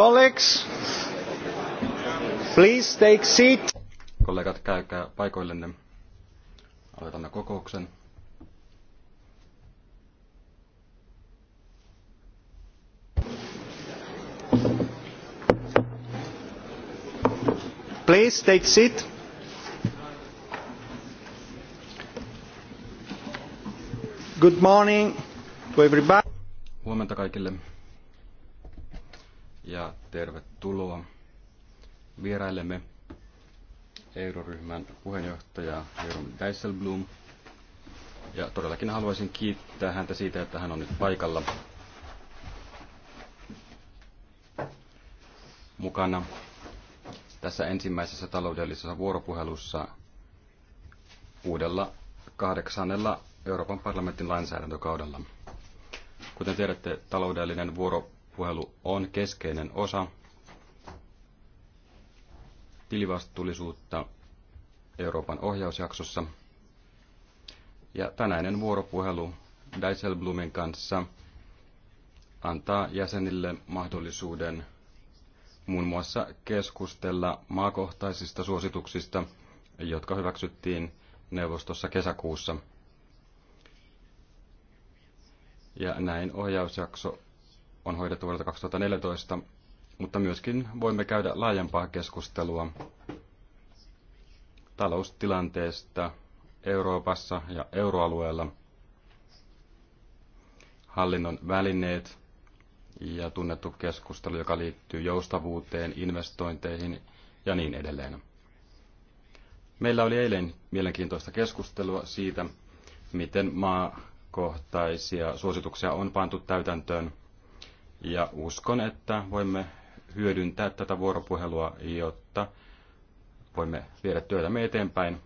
Colleagues, please take seat. Kollegat, käykää paikoillenne. Aloitamme kokouksen. Please take seat. Good morning to everybody. Huomenta kaikille ja tervetuloa vierailemme euroryhmän puheenjohtaja Jerome Dijsselbloom. Ja todellakin haluaisin kiittää häntä siitä, että hän on nyt paikalla mukana tässä ensimmäisessä taloudellisessa vuoropuhelussa uudella kahdeksannella Euroopan parlamentin lainsäädäntökaudella. Kuten tiedätte, taloudellinen vuoropuhelu Puhelu on keskeinen osa tilivastuullisuutta Euroopan ohjausjaksossa. Ja tänäinen vuoropuhelu Dijsselblumin kanssa antaa jäsenille mahdollisuuden muun muassa keskustella maakohtaisista suosituksista, jotka hyväksyttiin neuvostossa kesäkuussa. Ja näin ohjausjakso on hoidettu vuodelta 2014, mutta myöskin voimme käydä laajempaa keskustelua taloustilanteesta Euroopassa ja euroalueella, hallinnon välineet ja tunnettu keskustelu, joka liittyy joustavuuteen, investointeihin ja niin edelleen. Meillä oli eilen mielenkiintoista keskustelua siitä, miten maakohtaisia suosituksia on pantu täytäntöön ja uskon, että voimme hyödyntää tätä vuoropuhelua, jotta voimme viedä työtämme eteenpäin.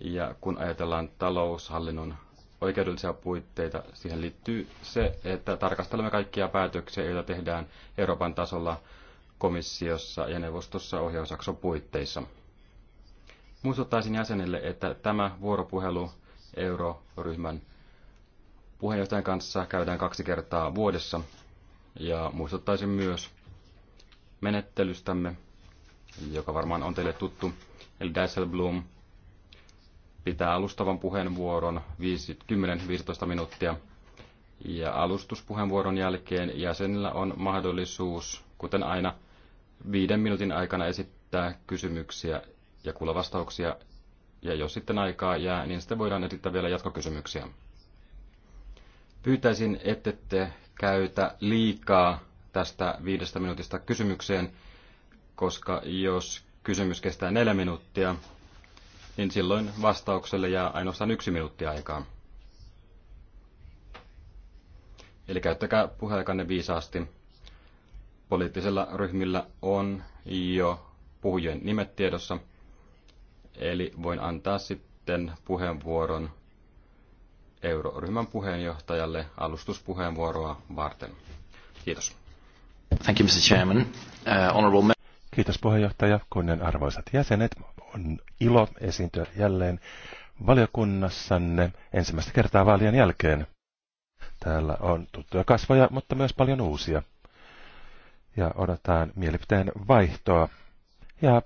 Ja kun ajatellaan taloushallinnon oikeudellisia puitteita, siihen liittyy se, että tarkastelemme kaikkia päätöksiä, joita tehdään Euroopan tasolla komissiossa ja neuvostossa ohjausjakson puitteissa. Muistuttaisin jäsenille, että tämä vuoropuhelu euroryhmän Puheenjohtajan kanssa käydään kaksi kertaa vuodessa ja muistuttaisin myös menettelystämme, joka varmaan on teille tuttu. Eli Dasselblom pitää alustavan puheenvuoron 10-15 minuuttia ja alustuspuheenvuoron jälkeen jäsenillä on mahdollisuus, kuten aina, viiden minuutin aikana esittää kysymyksiä ja kuulla vastauksia. Ja jos sitten aikaa jää, niin sitten voidaan esittää vielä jatkokysymyksiä. Pyytäisin, ettette käytä liikaa tästä viidestä minuutista kysymykseen, koska jos kysymys kestää neljä minuuttia, niin silloin vastaukselle jää ainoastaan yksi minuutti aikaa. Eli käyttäkää puheaikanne viisaasti. Poliittisella ryhmillä on jo puhujien nimet tiedossa, eli voin antaa sitten puheenvuoron euroryhmän puheenjohtajalle alustuspuheenvuoroa varten. Kiitos. Thank you, Mr. Chairman. Uh, honorable... Kiitos puheenjohtaja, kunnen arvoisat jäsenet. On ilo esiintyä jälleen valiokunnassanne ensimmäistä kertaa vaalien jälkeen. Täällä on tuttuja kasvoja, mutta myös paljon uusia. Ja odotetaan mielipiteen vaihtoa. Ja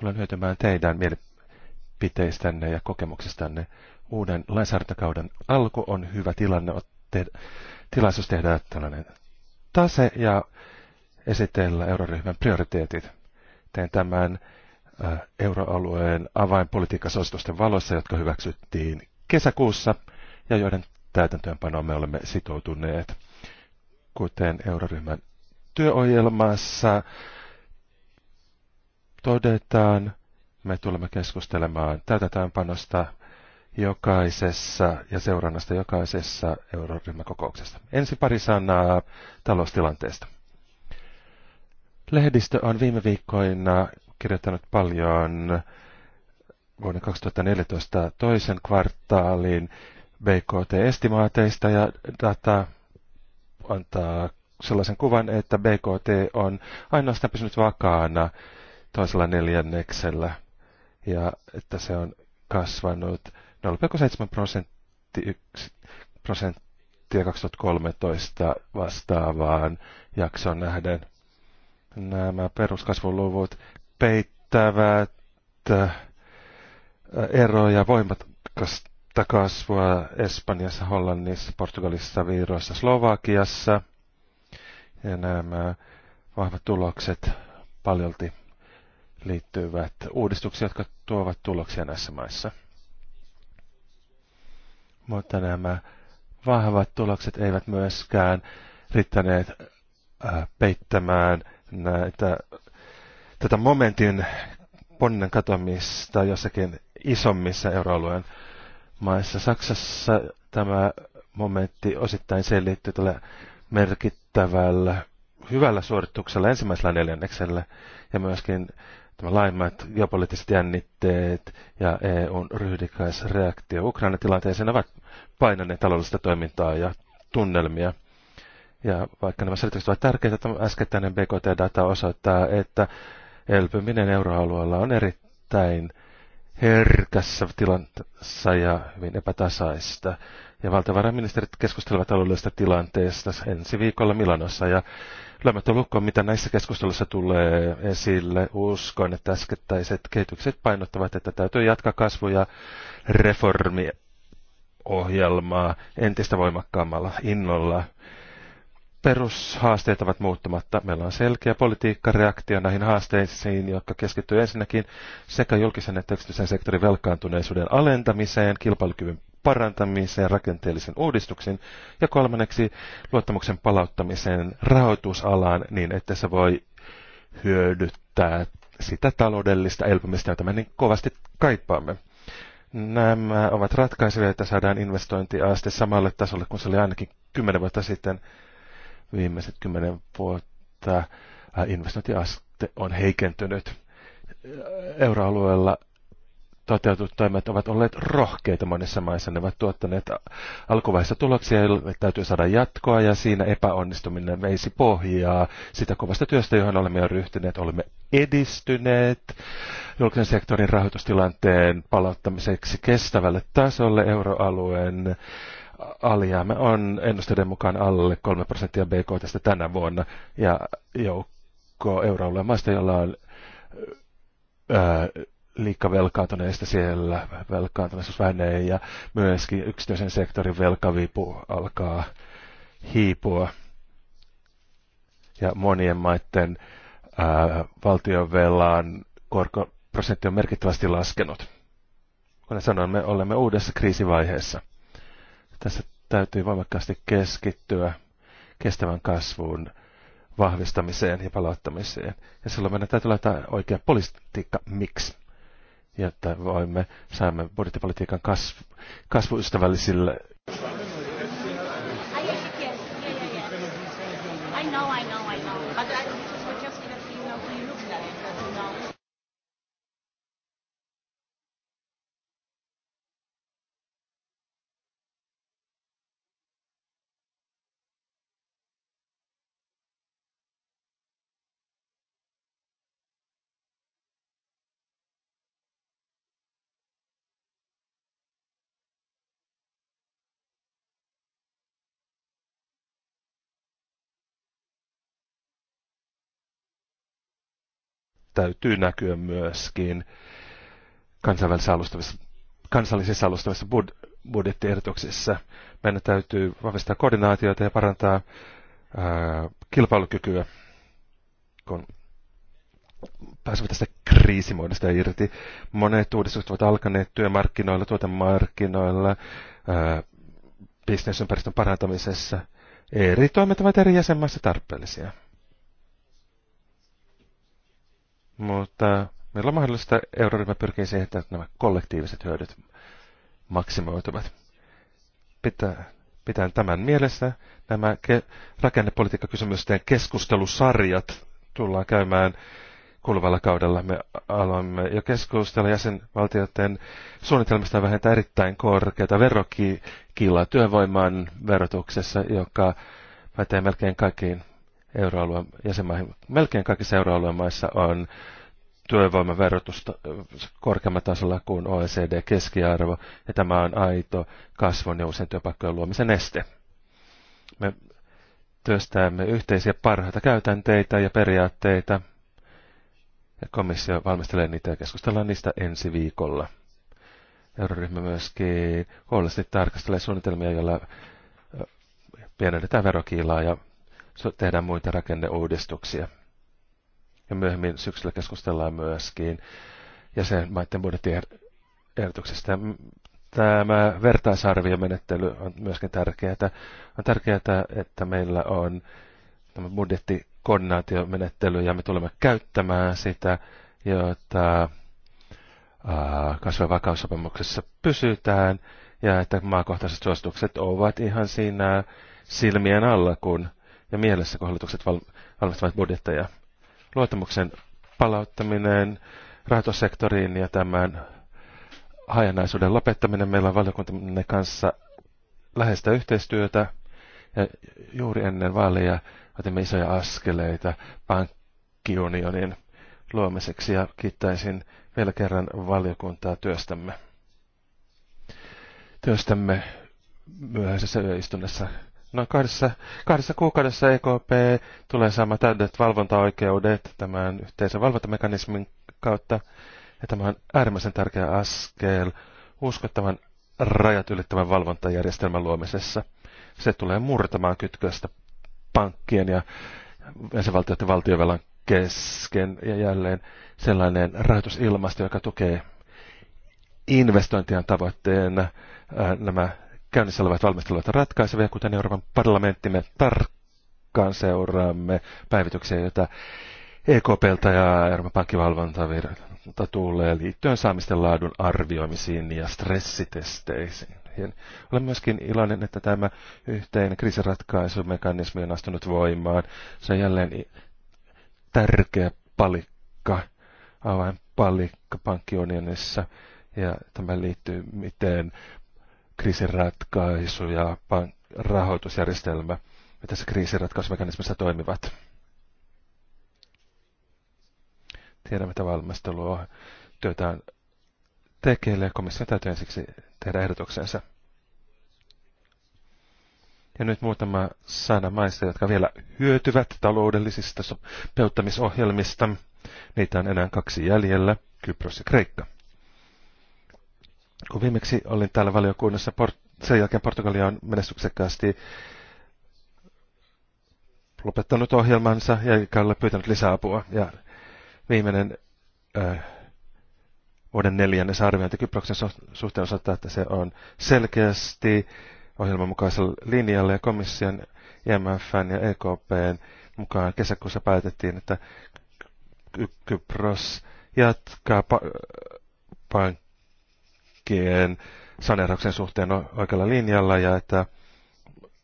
tulen hyötymään teidän mielipiteistänne ja kokemuksistanne uuden lainsäädäntökauden alku on hyvä tilanne, te, tilaisuus tehdä tällainen tase ja esitellä euroryhmän prioriteetit. Teen tämän äh, euroalueen avainpolitiikkasuositusten valossa, jotka hyväksyttiin kesäkuussa ja joiden täytäntöönpanoa me olemme sitoutuneet, kuten euroryhmän työohjelmassa todetaan, me tulemme keskustelemaan täytäntöönpanosta jokaisessa ja seurannasta jokaisessa euroryhmäkokouksessa. ensi pari sanaa taloustilanteesta. Lehdistö on viime viikkoina kirjoittanut paljon vuoden 2014 toisen kvartaalin BKT-estimaateista ja data antaa sellaisen kuvan, että BKT on ainoastaan pysynyt vakaana toisella neljänneksellä ja että se on kasvanut 0,7 prosenttia 2013 vastaavaan jaksoon nähden. Nämä peruskasvuluvut peittävät äh, eroja voimakasta kasvua Espanjassa, Hollannissa, Portugalissa, Viroissa, Slovakiassa. Ja nämä vahvat tulokset paljolti liittyvät uudistuksiin, jotka tuovat tuloksia näissä maissa. Mutta nämä vahvat tulokset eivät myöskään riittäneet äh, peittämään näitä, tätä momentin ponnen katoamista jossakin isommissa euroalueen maissa. Saksassa tämä momentti osittain selittyy tällä merkittävällä hyvällä suorituksella ensimmäisellä neljänneksellä ja myöskin tämä laajemmat geopoliittiset jännitteet ja EUn ryhdikäs reaktio Ukrainan tilanteeseen ovat painaneet taloudellista toimintaa ja tunnelmia. Ja vaikka nämä selitykset ovat tärkeitä, tämä äskettäinen BKT-data osoittaa, että elpyminen euroalueella on erittäin herkässä tilassa ja hyvin epätasaista. Ja valtiovarainministerit keskustelevat taloudellisesta tilanteesta ensi viikolla Milanossa ja lämmättä lukkoon, mitä näissä keskusteluissa tulee esille. Uskon, että äskettäiset kehitykset painottavat, että täytyy jatkaa kasvu- ja reformiohjelmaa entistä voimakkaammalla innolla. Perushaasteet ovat muuttumatta. Meillä on selkeä politiikkareaktio näihin haasteisiin, jotka keskittyy ensinnäkin sekä julkisen että yksityisen sektorin velkaantuneisuuden alentamiseen, kilpailukyvyn parantamiseen, rakenteellisen uudistuksen ja kolmanneksi luottamuksen palauttamiseen rahoitusalaan niin, että se voi hyödyttää sitä taloudellista elpymistä, jota me niin kovasti kaipaamme. Nämä ovat ratkaisevia, että saadaan investointiaste samalle tasolle kuin se oli ainakin 10 vuotta sitten. Viimeiset 10 vuotta investointiaste on heikentynyt. Euroalueella toteutut toimet ovat olleet rohkeita monissa maissa. Ne ovat tuottaneet alkuvaiheessa tuloksia, joille täytyy saada jatkoa ja siinä epäonnistuminen veisi pohjaa sitä kovasta työstä, johon olemme jo ryhtyneet. Olemme edistyneet julkisen sektorin rahoitustilanteen palauttamiseksi kestävälle tasolle euroalueen alijäämä on ennusteiden mukaan alle 3 prosenttia tästä tänä vuonna ja joukko euroalueen maista, jolla on ää, velkaantuneista siellä velkaantuneisuus vähenee ja myöskin yksityisen sektorin velkavipu alkaa hiipua. Ja monien maiden ää, valtionvelan korkoprosentti on merkittävästi laskenut. Kuten sanoin, me olemme uudessa kriisivaiheessa. Tässä täytyy voimakkaasti keskittyä kestävän kasvuun vahvistamiseen ja palauttamiseen. Ja silloin meidän täytyy laittaa oikea politiikka miksi jotta voimme saamme budjettipolitiikan kasv, kasvuystävällisille täytyy näkyä myöskin kansainvälisessä alustavissa, kansallisessa alustavissa bud, budjettiehdotuksissa. Meidän täytyy vahvistaa koordinaatiota ja parantaa ää, kilpailukykyä, kun pääsemme tästä kriisimuodosta irti. Monet uudistukset ovat alkaneet työmarkkinoilla, tuotemarkkinoilla, ää, bisnesympäristön parantamisessa. Eri toimet ovat eri jäsenmaissa tarpeellisia. Mutta meillä on mahdollista, euroryhmä pyrkii siihen, että nämä kollektiiviset hyödyt maksimoituvat. Pitää, pitää tämän mielessä nämä ke- rakennepolitiikkakysymysten keskustelusarjat tullaan käymään kuluvalla kaudella. Me aloimme jo keskustella jäsenvaltioiden suunnitelmista vähentää erittäin korkeata verokilaa työvoiman verotuksessa, joka pätee melkein kaikkiin euroalueen jäsenmaihin. Melkein kaikissa euroalueen maissa on työvoiman verotusta korkeammalla tasolla kuin OECD-keskiarvo, ja tämä on aito kasvun ja uusien työpaikkojen luomisen este. Me työstäämme yhteisiä parhaita käytänteitä ja periaatteita, ja komissio valmistelee niitä ja keskustellaan niistä ensi viikolla. Euroryhmä myöskin huolellisesti tarkastelee suunnitelmia, joilla pienennetään verokiilaa ja tehdä muita rakenneuudistuksia. Ja myöhemmin syksyllä keskustellaan myöskin jäsenmaiden budjettiehdotuksesta. Tämä vertaisarviomenettely on myöskin tärkeää. On tärkeää, että meillä on tämä budjettikoordinaatiomenettely ja me tulemme käyttämään sitä, jota kasvavakaussopimuksessa pysytään ja että maakohtaiset suositukset ovat ihan siinä silmien alla, kun ja mielessä, kun hallitukset val, valmistavat budjetteja. Luottamuksen palauttaminen rahoitussektoriin ja tämän hajanaisuuden lopettaminen. Meillä on valiokuntamme kanssa läheistä yhteistyötä. Ja juuri ennen vaaleja otimme isoja askeleita pankkiunionin luomiseksi ja kiittäisin vielä kerran valiokuntaa työstämme. Työstämme myöhäisessä yöistunnassa No kahdessa, kahdessa kuukaudessa EKP tulee saamaan täydet valvontaoikeudet tämän yhteisen valvontamekanismin kautta. Ja tämä on äärimmäisen tärkeä askel uskottavan rajat ylittävän valvontajärjestelmän luomisessa. Se tulee murtamaan kytköstä pankkien ja jäsenvaltioiden valtiovelan kesken ja jälleen sellainen rahoitusilmasto, joka tukee investointien tavoitteena nämä käynnissä olevat valmistelut ratkaisevia, kuten Euroopan parlamenttimme tarkkaan seuraamme päivityksiä, joita EKPltä ja Euroopan pankkivalvontavirta tulee liittyen saamisten laadun arvioimisiin ja stressitesteisiin. Olen myöskin iloinen, että tämä yhteinen kriisiratkaisumekanismi on astunut voimaan. Se on jälleen tärkeä palikka, avainpalikka pankkiunionissa. Ja tämä liittyy, miten kriisiratkaisu ja rahoitusjärjestelmä, mitä se kriisiratkaisumekanismissa toimivat. Tiedämme, että valmistelua työtään tekeille ja komission täytyy ensiksi tehdä ehdotuksensa. Ja nyt muutama sana maista, jotka vielä hyötyvät taloudellisista sopeuttamisohjelmista. Niitä on enää kaksi jäljellä, Kypros ja Kreikka. Kun viimeksi olin täällä valiokunnassa, sen jälkeen Portugalia on menestyksekkäästi lopettanut ohjelmansa ja eikä pyytänyt lisäapua. Ja viimeinen äh, vuoden neljännes arviointi Kyproksen suhteen osoittaa, että se on selkeästi ohjelman mukaisella linjalla ja komission, IMFn ja EKPn mukaan kesäkuussa päätettiin, että Kypros jatkaa pa- pankkien saneerauksen suhteen oikealla linjalla ja että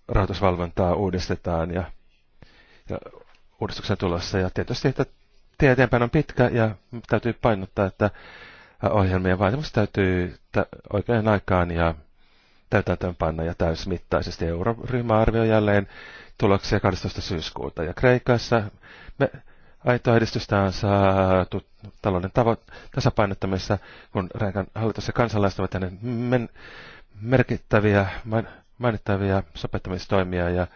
rahoitusvalvontaa uudistetaan ja, ja uudistuksen tulossa. Ja tietysti, että tie eteenpäin on pitkä ja täytyy painottaa, että ohjelmien vaatimus täytyy oikein aikaan ja täytäntöönpanna ja täysmittaisesti. Euroryhmä arvioi jälleen tuloksia 12. syyskuuta. Ja Kreikassa me aitoa edistystä on saatu talouden tavo- tasapainottamissa, kun Ranskan hallitus ja kansalaiset ovat hänen men- merkittäviä, main- mainittavia sopettamistoimia ja,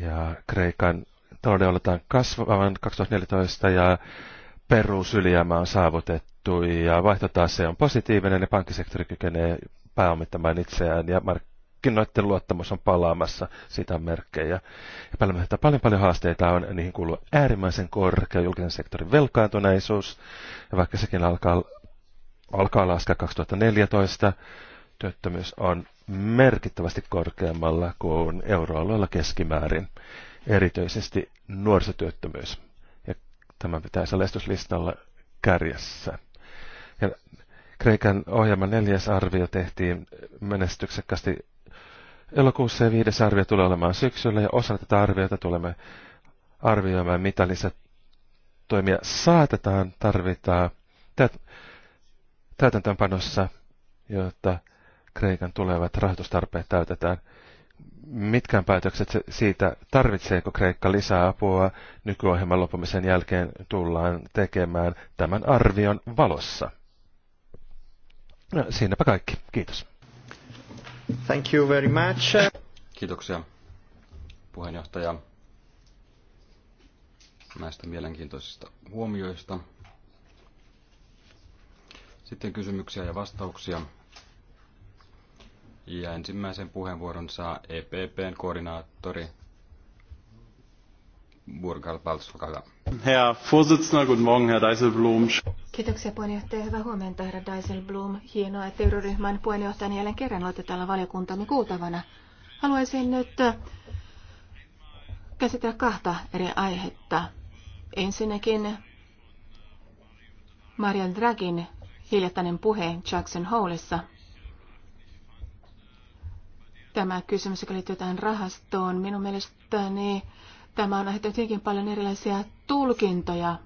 ja Kreikan talouden oletaan kasvavan 2014 ja perusylijäämä on saavutettu ja vaihtotase on positiivinen ja pankkisektori kykenee pääomittamaan itseään ja mark- markkinoiden luottamus on palaamassa, sitä merkkejä. Epäilemättä paljon paljon haasteita on, niihin kuuluu äärimmäisen korkea julkisen sektorin velkaantuneisuus, ja vaikka sekin alkaa, alkaa laskea 2014, työttömyys on merkittävästi korkeammalla kuin euroalueella keskimäärin, erityisesti nuorisotyöttömyys. Ja tämä pitäisi leistyslistalla kärjessä. Ja Kreikan ohjelman neljäs arvio tehtiin menestyksekkästi Elokuussa ja viides arvio tulee olemaan syksyllä ja osa tätä arviota tulemme arvioimaan, mitä lisätoimia saatetaan tarvitaan täytäntöönpanossa, jotta Kreikan tulevat rahoitustarpeet täytetään. Mitkään päätökset siitä, tarvitseeko Kreikka lisää apua nykyohjelman loppumisen jälkeen, tullaan tekemään tämän arvion valossa. No, siinäpä kaikki. Kiitos. Thank you very much. Kiitoksia puheenjohtaja näistä mielenkiintoisista huomioista. Sitten kysymyksiä ja vastauksia. Ja ensimmäisen puheenvuoron saa EPPn koordinaattori Burkhard Balz, Herr Vorsitzender, guten Morgen, Herr Dijsselbloem. Kiitoksia puheenjohtaja. Hyvää huomenta, herra Dijsselbloom. Hienoa, että euroryhmän puheenjohtajan jälleen kerran olette täällä valiokuntamme kuultavana. Haluaisin nyt äh, käsitellä kahta eri aihetta. Ensinnäkin Marian Dragin hiljattainen puhe Jackson Hallissa. Tämä kysymys, joka liittyy tähän rahastoon, minun mielestäni tämä on aiheuttanut hyvinkin paljon erilaisia tulkintoja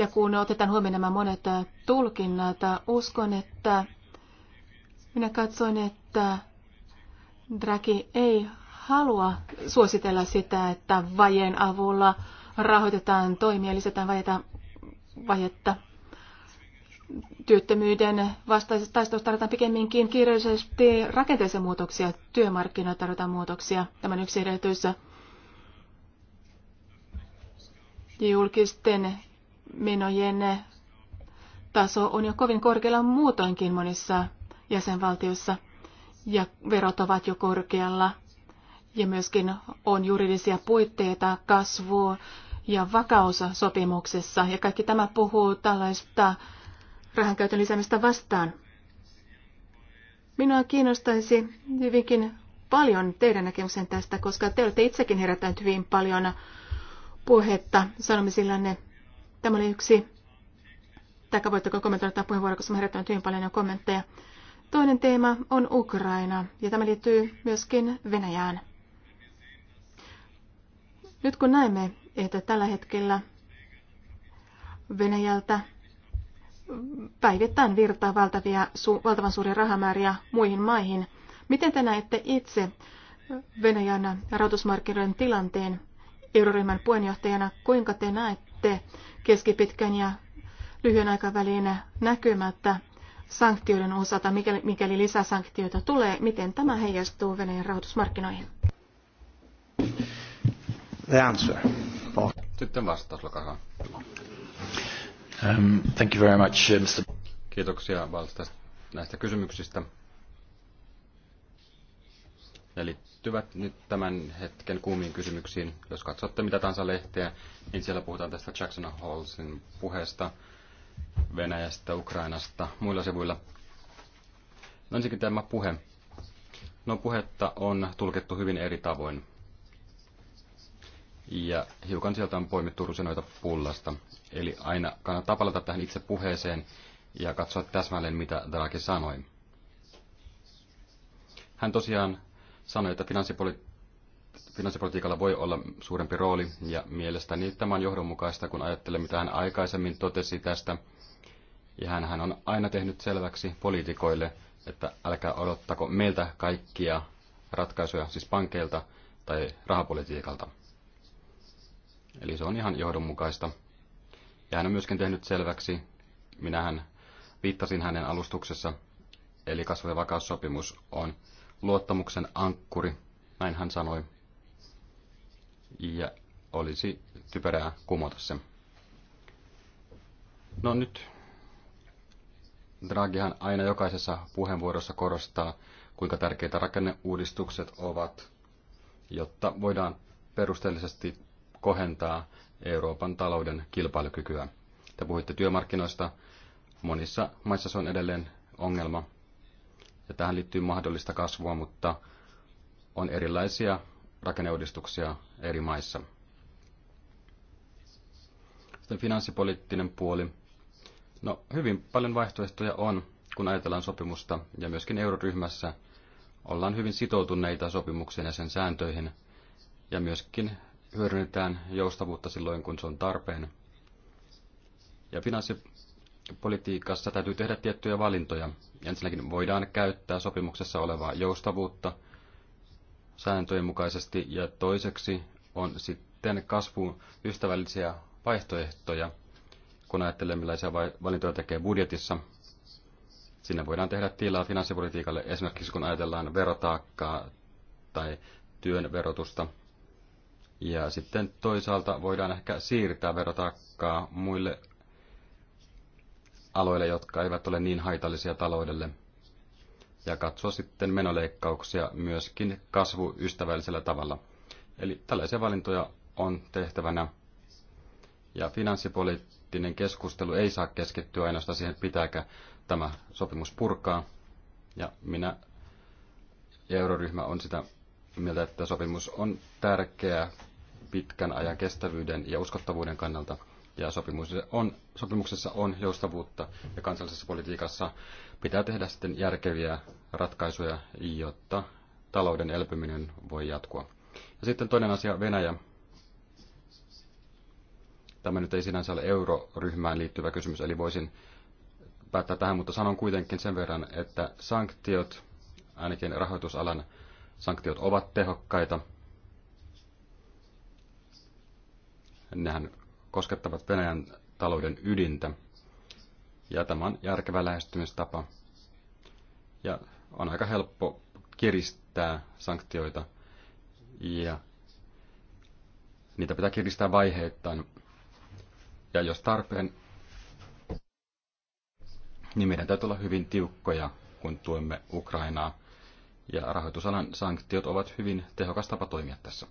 Ja kun otetaan huomioon nämä monet äh, tulkinnat, äh, uskon, että minä katsoin, että Draghi ei halua suositella sitä, että vajeen avulla rahoitetaan toimia, lisätään vajeta, vajetta. Työttömyyden vastaisesta taistelussa tarvitaan pikemminkin kiireellisesti rakenteellisia muutoksia, työmarkkinoita tarvitaan muutoksia. Tämän yksi edellytys julkisten menojen taso on jo kovin korkealla muutoinkin monissa jäsenvaltioissa ja verot ovat jo korkealla ja myöskin on juridisia puitteita kasvua ja vakaus sopimuksessa ja kaikki tämä puhuu tällaista rahankäytön lisäämistä vastaan. Minua kiinnostaisi hyvinkin paljon teidän näkemyksen tästä, koska te olette itsekin herättänyt hyvin paljon puhetta sanomisillanne Tämä oli yksi. tai voitteko kommentoida tämä puheenvuoro, koska mä herättänyt hyvin paljon kommentteja. Toinen teema on Ukraina, ja tämä liittyy myöskin Venäjään. Nyt kun näemme, että tällä hetkellä Venäjältä päivittäin virtaa valtavia, su, valtavan suuria rahamääriä muihin maihin, miten te näette itse Venäjän rahoitusmarkkinoiden tilanteen euroryhmän puheenjohtajana, kuinka te näette, sitten keskipitkän ja lyhyen aikavälin näkymättä sanktioiden osalta, mikäli, mikäli lisäsanktioita tulee, miten tämä heijastuu Venäjän rahoitusmarkkinoihin? The answer. Paul. Sitten vastaus, olkaa um, thank you very much, uh, Mr. Kiitoksia Valsta näistä kysymyksistä. Eli liittyvät nyt tämän hetken kuumiin kysymyksiin. Jos katsotte mitä tahansa lehteä, niin siellä puhutaan tästä Jackson Hallsin puheesta Venäjästä, Ukrainasta, muilla sivuilla. No ensinnäkin tämä puhe. No puhetta on tulkittu hyvin eri tavoin. Ja hiukan sieltä on poimittu rusinoita pullasta. Eli aina kannattaa palata tähän itse puheeseen ja katsoa täsmälleen, mitä Draghi sanoi. Hän tosiaan sanoi, että finanssipoli- finanssipolitiikalla voi olla suurempi rooli, ja mielestäni tämä on johdonmukaista, kun ajattelee, mitä hän aikaisemmin totesi tästä. Ja hän, hän on aina tehnyt selväksi poliitikoille, että älkää odottako meiltä kaikkia ratkaisuja, siis pankeilta tai rahapolitiikalta. Eli se on ihan johdonmukaista. Ja hän on myöskin tehnyt selväksi, minähän viittasin hänen alustuksessa, eli kasvu- ja vakaussopimus on luottamuksen ankkuri, näin hän sanoi. Ja olisi typerää kumota sen. No nyt Draghihan aina jokaisessa puheenvuorossa korostaa, kuinka tärkeitä rakenneuudistukset ovat, jotta voidaan perusteellisesti kohentaa Euroopan talouden kilpailukykyä. Te puhuitte työmarkkinoista. Monissa maissa se on edelleen ongelma, ja tähän liittyy mahdollista kasvua, mutta on erilaisia rakenneuudistuksia eri maissa. Sitten finanssipoliittinen puoli. No, hyvin paljon vaihtoehtoja on, kun ajatellaan sopimusta, ja myöskin euroryhmässä ollaan hyvin sitoutuneita sopimukseen ja sen sääntöihin, ja myöskin hyödynnetään joustavuutta silloin, kun se on tarpeen. Ja finanssi- politiikassa täytyy tehdä tiettyjä valintoja. Ensinnäkin voidaan käyttää sopimuksessa olevaa joustavuutta sääntöjen mukaisesti ja toiseksi on sitten kasvuun ystävällisiä vaihtoehtoja, kun ajattelee millaisia valintoja tekee budjetissa. Sinne voidaan tehdä tilaa finanssipolitiikalle esimerkiksi kun ajatellaan verotaakkaa tai työn verotusta. Ja sitten toisaalta voidaan ehkä siirtää verotaakkaa muille aloille, jotka eivät ole niin haitallisia taloudelle, ja katsoa sitten menoleikkauksia myöskin kasvuystävällisellä tavalla. Eli tällaisia valintoja on tehtävänä, ja finanssipoliittinen keskustelu ei saa keskittyä ainoastaan siihen, pitääkö tämä sopimus purkaa, ja minä euroryhmä on sitä mieltä, että sopimus on tärkeä pitkän ajan kestävyyden ja uskottavuuden kannalta – ja sopimuksessa on, sopimuksessa on joustavuutta ja kansallisessa politiikassa pitää tehdä sitten järkeviä ratkaisuja, jotta talouden elpyminen voi jatkua. Ja sitten toinen asia, Venäjä. Tämä nyt ei sinänsä ole euroryhmään liittyvä kysymys, eli voisin päättää tähän, mutta sanon kuitenkin sen verran, että sanktiot, ainakin rahoitusalan sanktiot ovat tehokkaita. Nehän koskettavat Venäjän talouden ydintä. Ja tämä on järkevä lähestymistapa. Ja on aika helppo kiristää sanktioita ja niitä pitää kiristää vaiheittain. Ja jos tarpeen, niin meidän täytyy olla hyvin tiukkoja, kun tuemme Ukrainaa. Ja rahoitusalan sanktiot ovat hyvin tehokas tapa toimia tässä.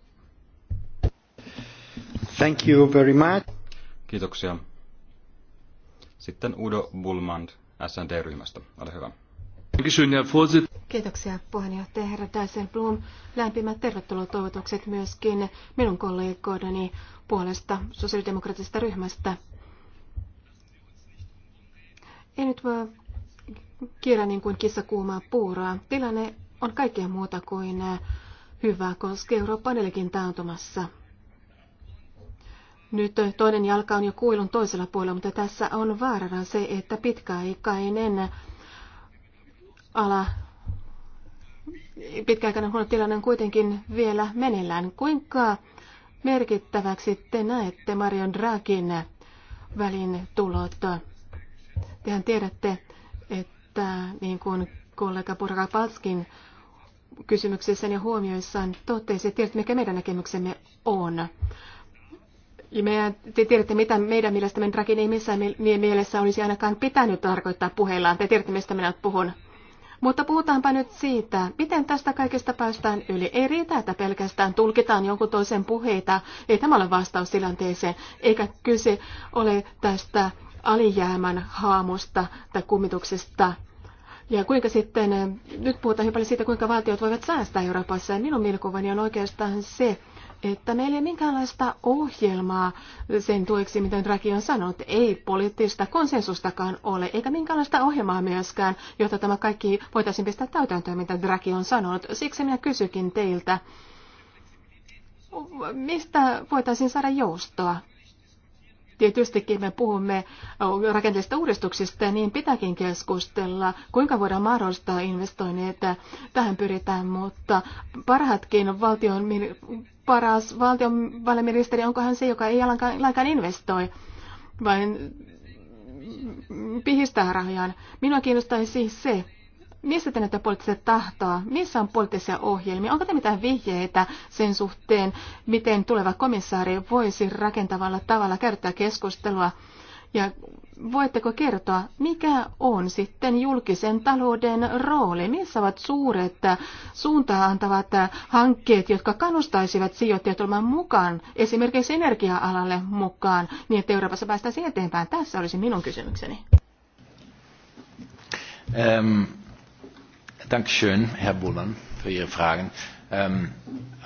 Thank you very much. Kiitoksia. Sitten Udo Bulmand SND-ryhmästä. Ole hyvä. Kiitoksia puheenjohtaja herra Dijsselbloem. Lämpimät tervetulotoivotukset myöskin minun kollegoideni puolesta sosiaalidemokraattisesta ryhmästä. Ei nyt voi kiirä niin kuin kissa kuumaa puuraa. Tilanne on kaikkea muuta kuin hyvä, koska Eurooppa on taantumassa. Nyt toinen jalka on jo kuilun toisella puolella, mutta tässä on vaarana se, että pitkäaikainen ala, pitkäaikainen huono tilanne on kuitenkin vielä meneillään. Kuinka merkittäväksi te näette Marion Draghin välin tulot? Tehän tiedätte, että niin kuin kollega Palskin kysymyksissään ja huomioissaan totesi, tiedätte, mikä meidän näkemyksemme on. Ja me, te tiedätte, mitä meidän mielestämme Dragin ei missään mielessä olisi ainakaan pitänyt tarkoittaa puheillaan. Te tiedätte, mistä minä puhun. Mutta puhutaanpa nyt siitä, miten tästä kaikesta päästään yli. Ei riitä, että pelkästään tulkitaan jonkun toisen puheita. Ei tämä ole vastaus tilanteeseen, eikä kyse ole tästä alijäämän haamusta tai kummituksesta. Ja kuinka sitten, nyt puhutaan hyvin paljon siitä, kuinka valtiot voivat säästää Euroopassa. Ja minun mielikuvani on oikeastaan se, että meillä ei minkäänlaista ohjelmaa sen tueksi, mitä Draghi on sanonut. Ei poliittista konsensustakaan ole, eikä minkäänlaista ohjelmaa myöskään, jotta tämä kaikki voitaisiin pistää täytäntöön, mitä Draghi on sanonut. Siksi minä kysykin teiltä, mistä voitaisiin saada joustoa Tietystikin me puhumme rakenteellisista uudistuksista, niin pitääkin keskustella, kuinka voidaan mahdollistaa investoinnit. Tähän pyritään, mutta parhaatkin valtion, paras valtionvaliministeri, onko hän se, joka ei lainkaan investoi, vaan pihistää rahojaan. Minua kiinnostaisi se, missä te näitä poliittista tahtoa? Missä on poliittisia ohjelmia? Onko te mitään vihjeitä sen suhteen, miten tuleva komissaari voisi rakentavalla tavalla käyttää keskustelua? Ja voitteko kertoa, mikä on sitten julkisen talouden rooli? Missä ovat suuret suuntaan antavat hankkeet, jotka kannustaisivat sijoittajat olemaan mukaan, esimerkiksi energia-alalle mukaan, niin että Euroopassa päästäisiin eteenpäin? Tässä olisi minun kysymykseni. Um, Dankeschön, Herr Bullen, für Ihre Fragen. Um,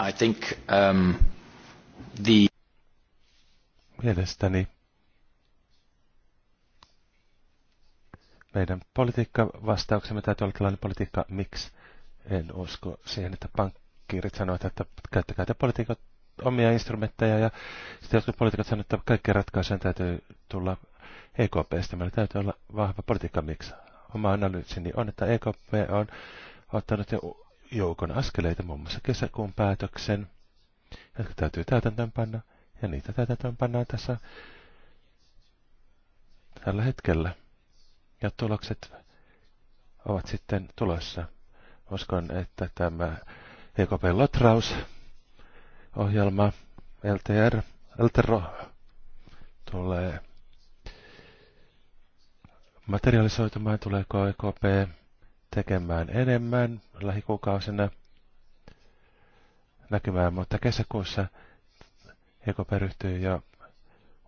I think um, the... Mielestäni meidän politiikkavastauksemme täytyy olla tällainen politiikka, miksi en usko siihen, että pankkiirit sanoivat, että käyttäkää te politiikat omia instrumentteja ja sitten jotkut poliitikot sanovat, että kaikkien ratkaisujen täytyy tulla EKPstä. Meillä täytyy olla vahva politiikka miksi Oma analyysini on, että EKP on ottanut jo joukon askeleita, muun muassa kesäkuun päätöksen, jotka täytyy täytäntöönpanna, ja niitä täytäntöönpannaan tässä tällä hetkellä. Ja tulokset ovat sitten tulossa. Uskon, että tämä EKP Lotraus ohjelma LTR, LTRO tulee materialisoitumaan, tuleeko EKP tekemään enemmän lähikuukausina näkymään, mutta kesäkuussa EKP ryhtyy jo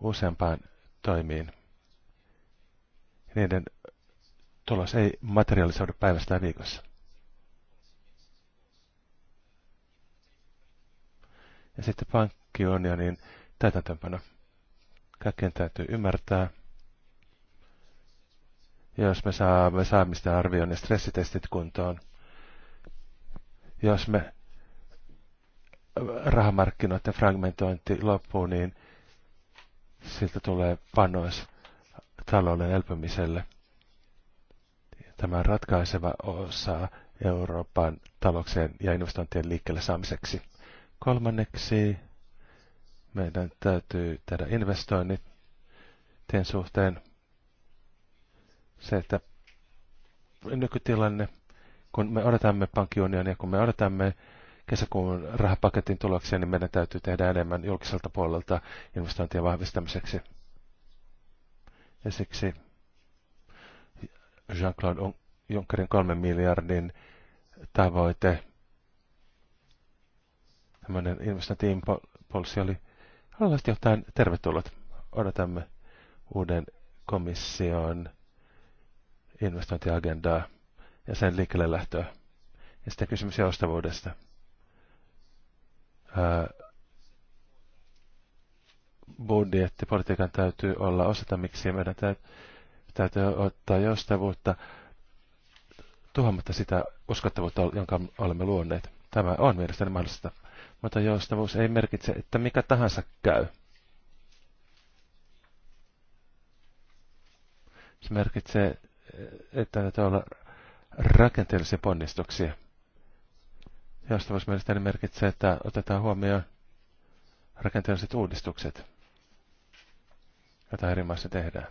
useampaan toimiin. Niiden tulos ei materialisoida päivästä tai viikossa. Ja sitten pankkiunionin täytäntöönpano. Kaikkien täytyy ymmärtää, jos me saamme saamista arvioon ja stressitestit kuntoon, jos me rahamarkkinoiden fragmentointi loppuu, niin siltä tulee panos talouden elpymiselle. Tämä on ratkaiseva osa Euroopan talouksien ja investointien liikkeelle saamiseksi. Kolmanneksi meidän täytyy tehdä investoinnit tien suhteen, se, että nykytilanne, kun me odotamme pankkiunionia, kun me odotamme kesäkuun rahapaketin tuloksia, niin meidän täytyy tehdä enemmän julkiselta puolelta investointien vahvistamiseksi. Ja siksi Jean-Claude Junckerin kolmen miljardin tavoite, tämmöinen investointiimpulssi oli Haluaisin jotain tervetullut. Odotamme uuden komission investointiagendaa ja sen liikkeelle lähtöä. Ja sitten kysymys joustavuudesta. Budjettipolitiikan täytyy olla osata, miksi meidän täytyy ottaa joustavuutta tuhoamatta sitä uskottavuutta, jonka olemme luonneet. Tämä on mielestäni mahdollista, mutta joustavuus ei merkitse, että mikä tahansa käy. Se merkitsee että näitä on rakenteellisia ponnistuksia. Joustavuus mielestäni merkitsee, että otetaan huomioon rakenteelliset uudistukset, joita eri maissa tehdään.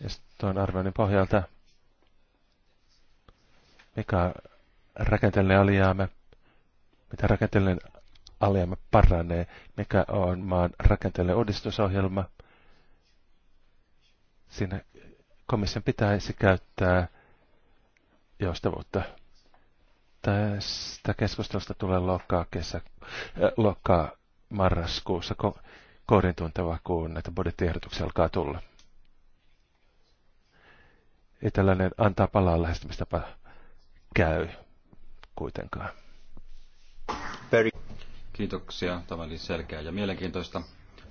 Ja tuon arvioinnin pohjalta, mikä on rakenteellinen alijäämä, mitä rakenteellinen alijäämä paranee, mikä on maan rakenteellinen uudistusohjelma. Siinä komission pitäisi käyttää joustavuutta. Tästä keskustelusta tulee lokkaa, kesä, äh, lokkaa marraskuussa ko- kourin tuntava, kun näitä budjettiehdotuksia alkaa tulla. Ei tällainen antaa palaa lähestymistapa käy kuitenkaan. Very. Kiitoksia. Tämä oli selkeää ja mielenkiintoista.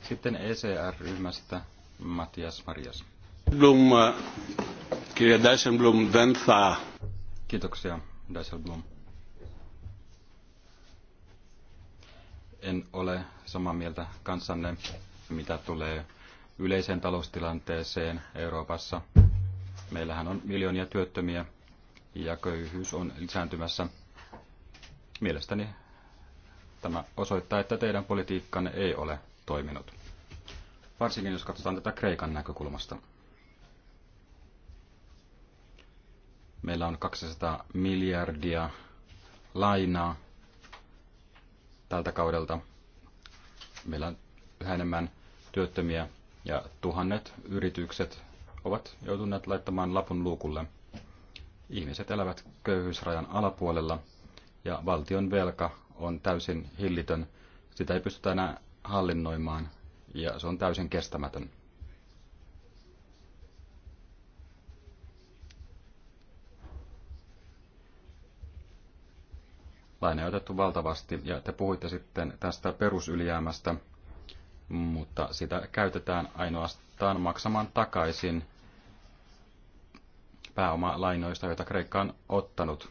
Sitten ECR-ryhmästä Matias Marias. Blum, äh, kirja Dijsselblom δεν Kiitoksia, Dijsselblom. En ole samaa mieltä kanssanne, mitä tulee yleiseen taloustilanteeseen Euroopassa. Meillähän on miljoonia työttömiä ja köyhyys on lisääntymässä. Mielestäni tämä osoittaa, että teidän politiikkanne ei ole toiminut. Varsinkin jos katsotaan tätä Kreikan näkökulmasta. Meillä on 200 miljardia lainaa tältä kaudelta. Meillä on yhä enemmän työttömiä ja tuhannet yritykset ovat joutuneet laittamaan lapun luukulle. Ihmiset elävät köyhyysrajan alapuolella ja valtion velka on täysin hillitön. Sitä ei pystytä enää hallinnoimaan ja se on täysin kestämätön. lainoitettu valtavasti. Ja te puhuitte sitten tästä perusylijäämästä, mutta sitä käytetään ainoastaan maksamaan takaisin pääomalainoista, joita Kreikka on ottanut.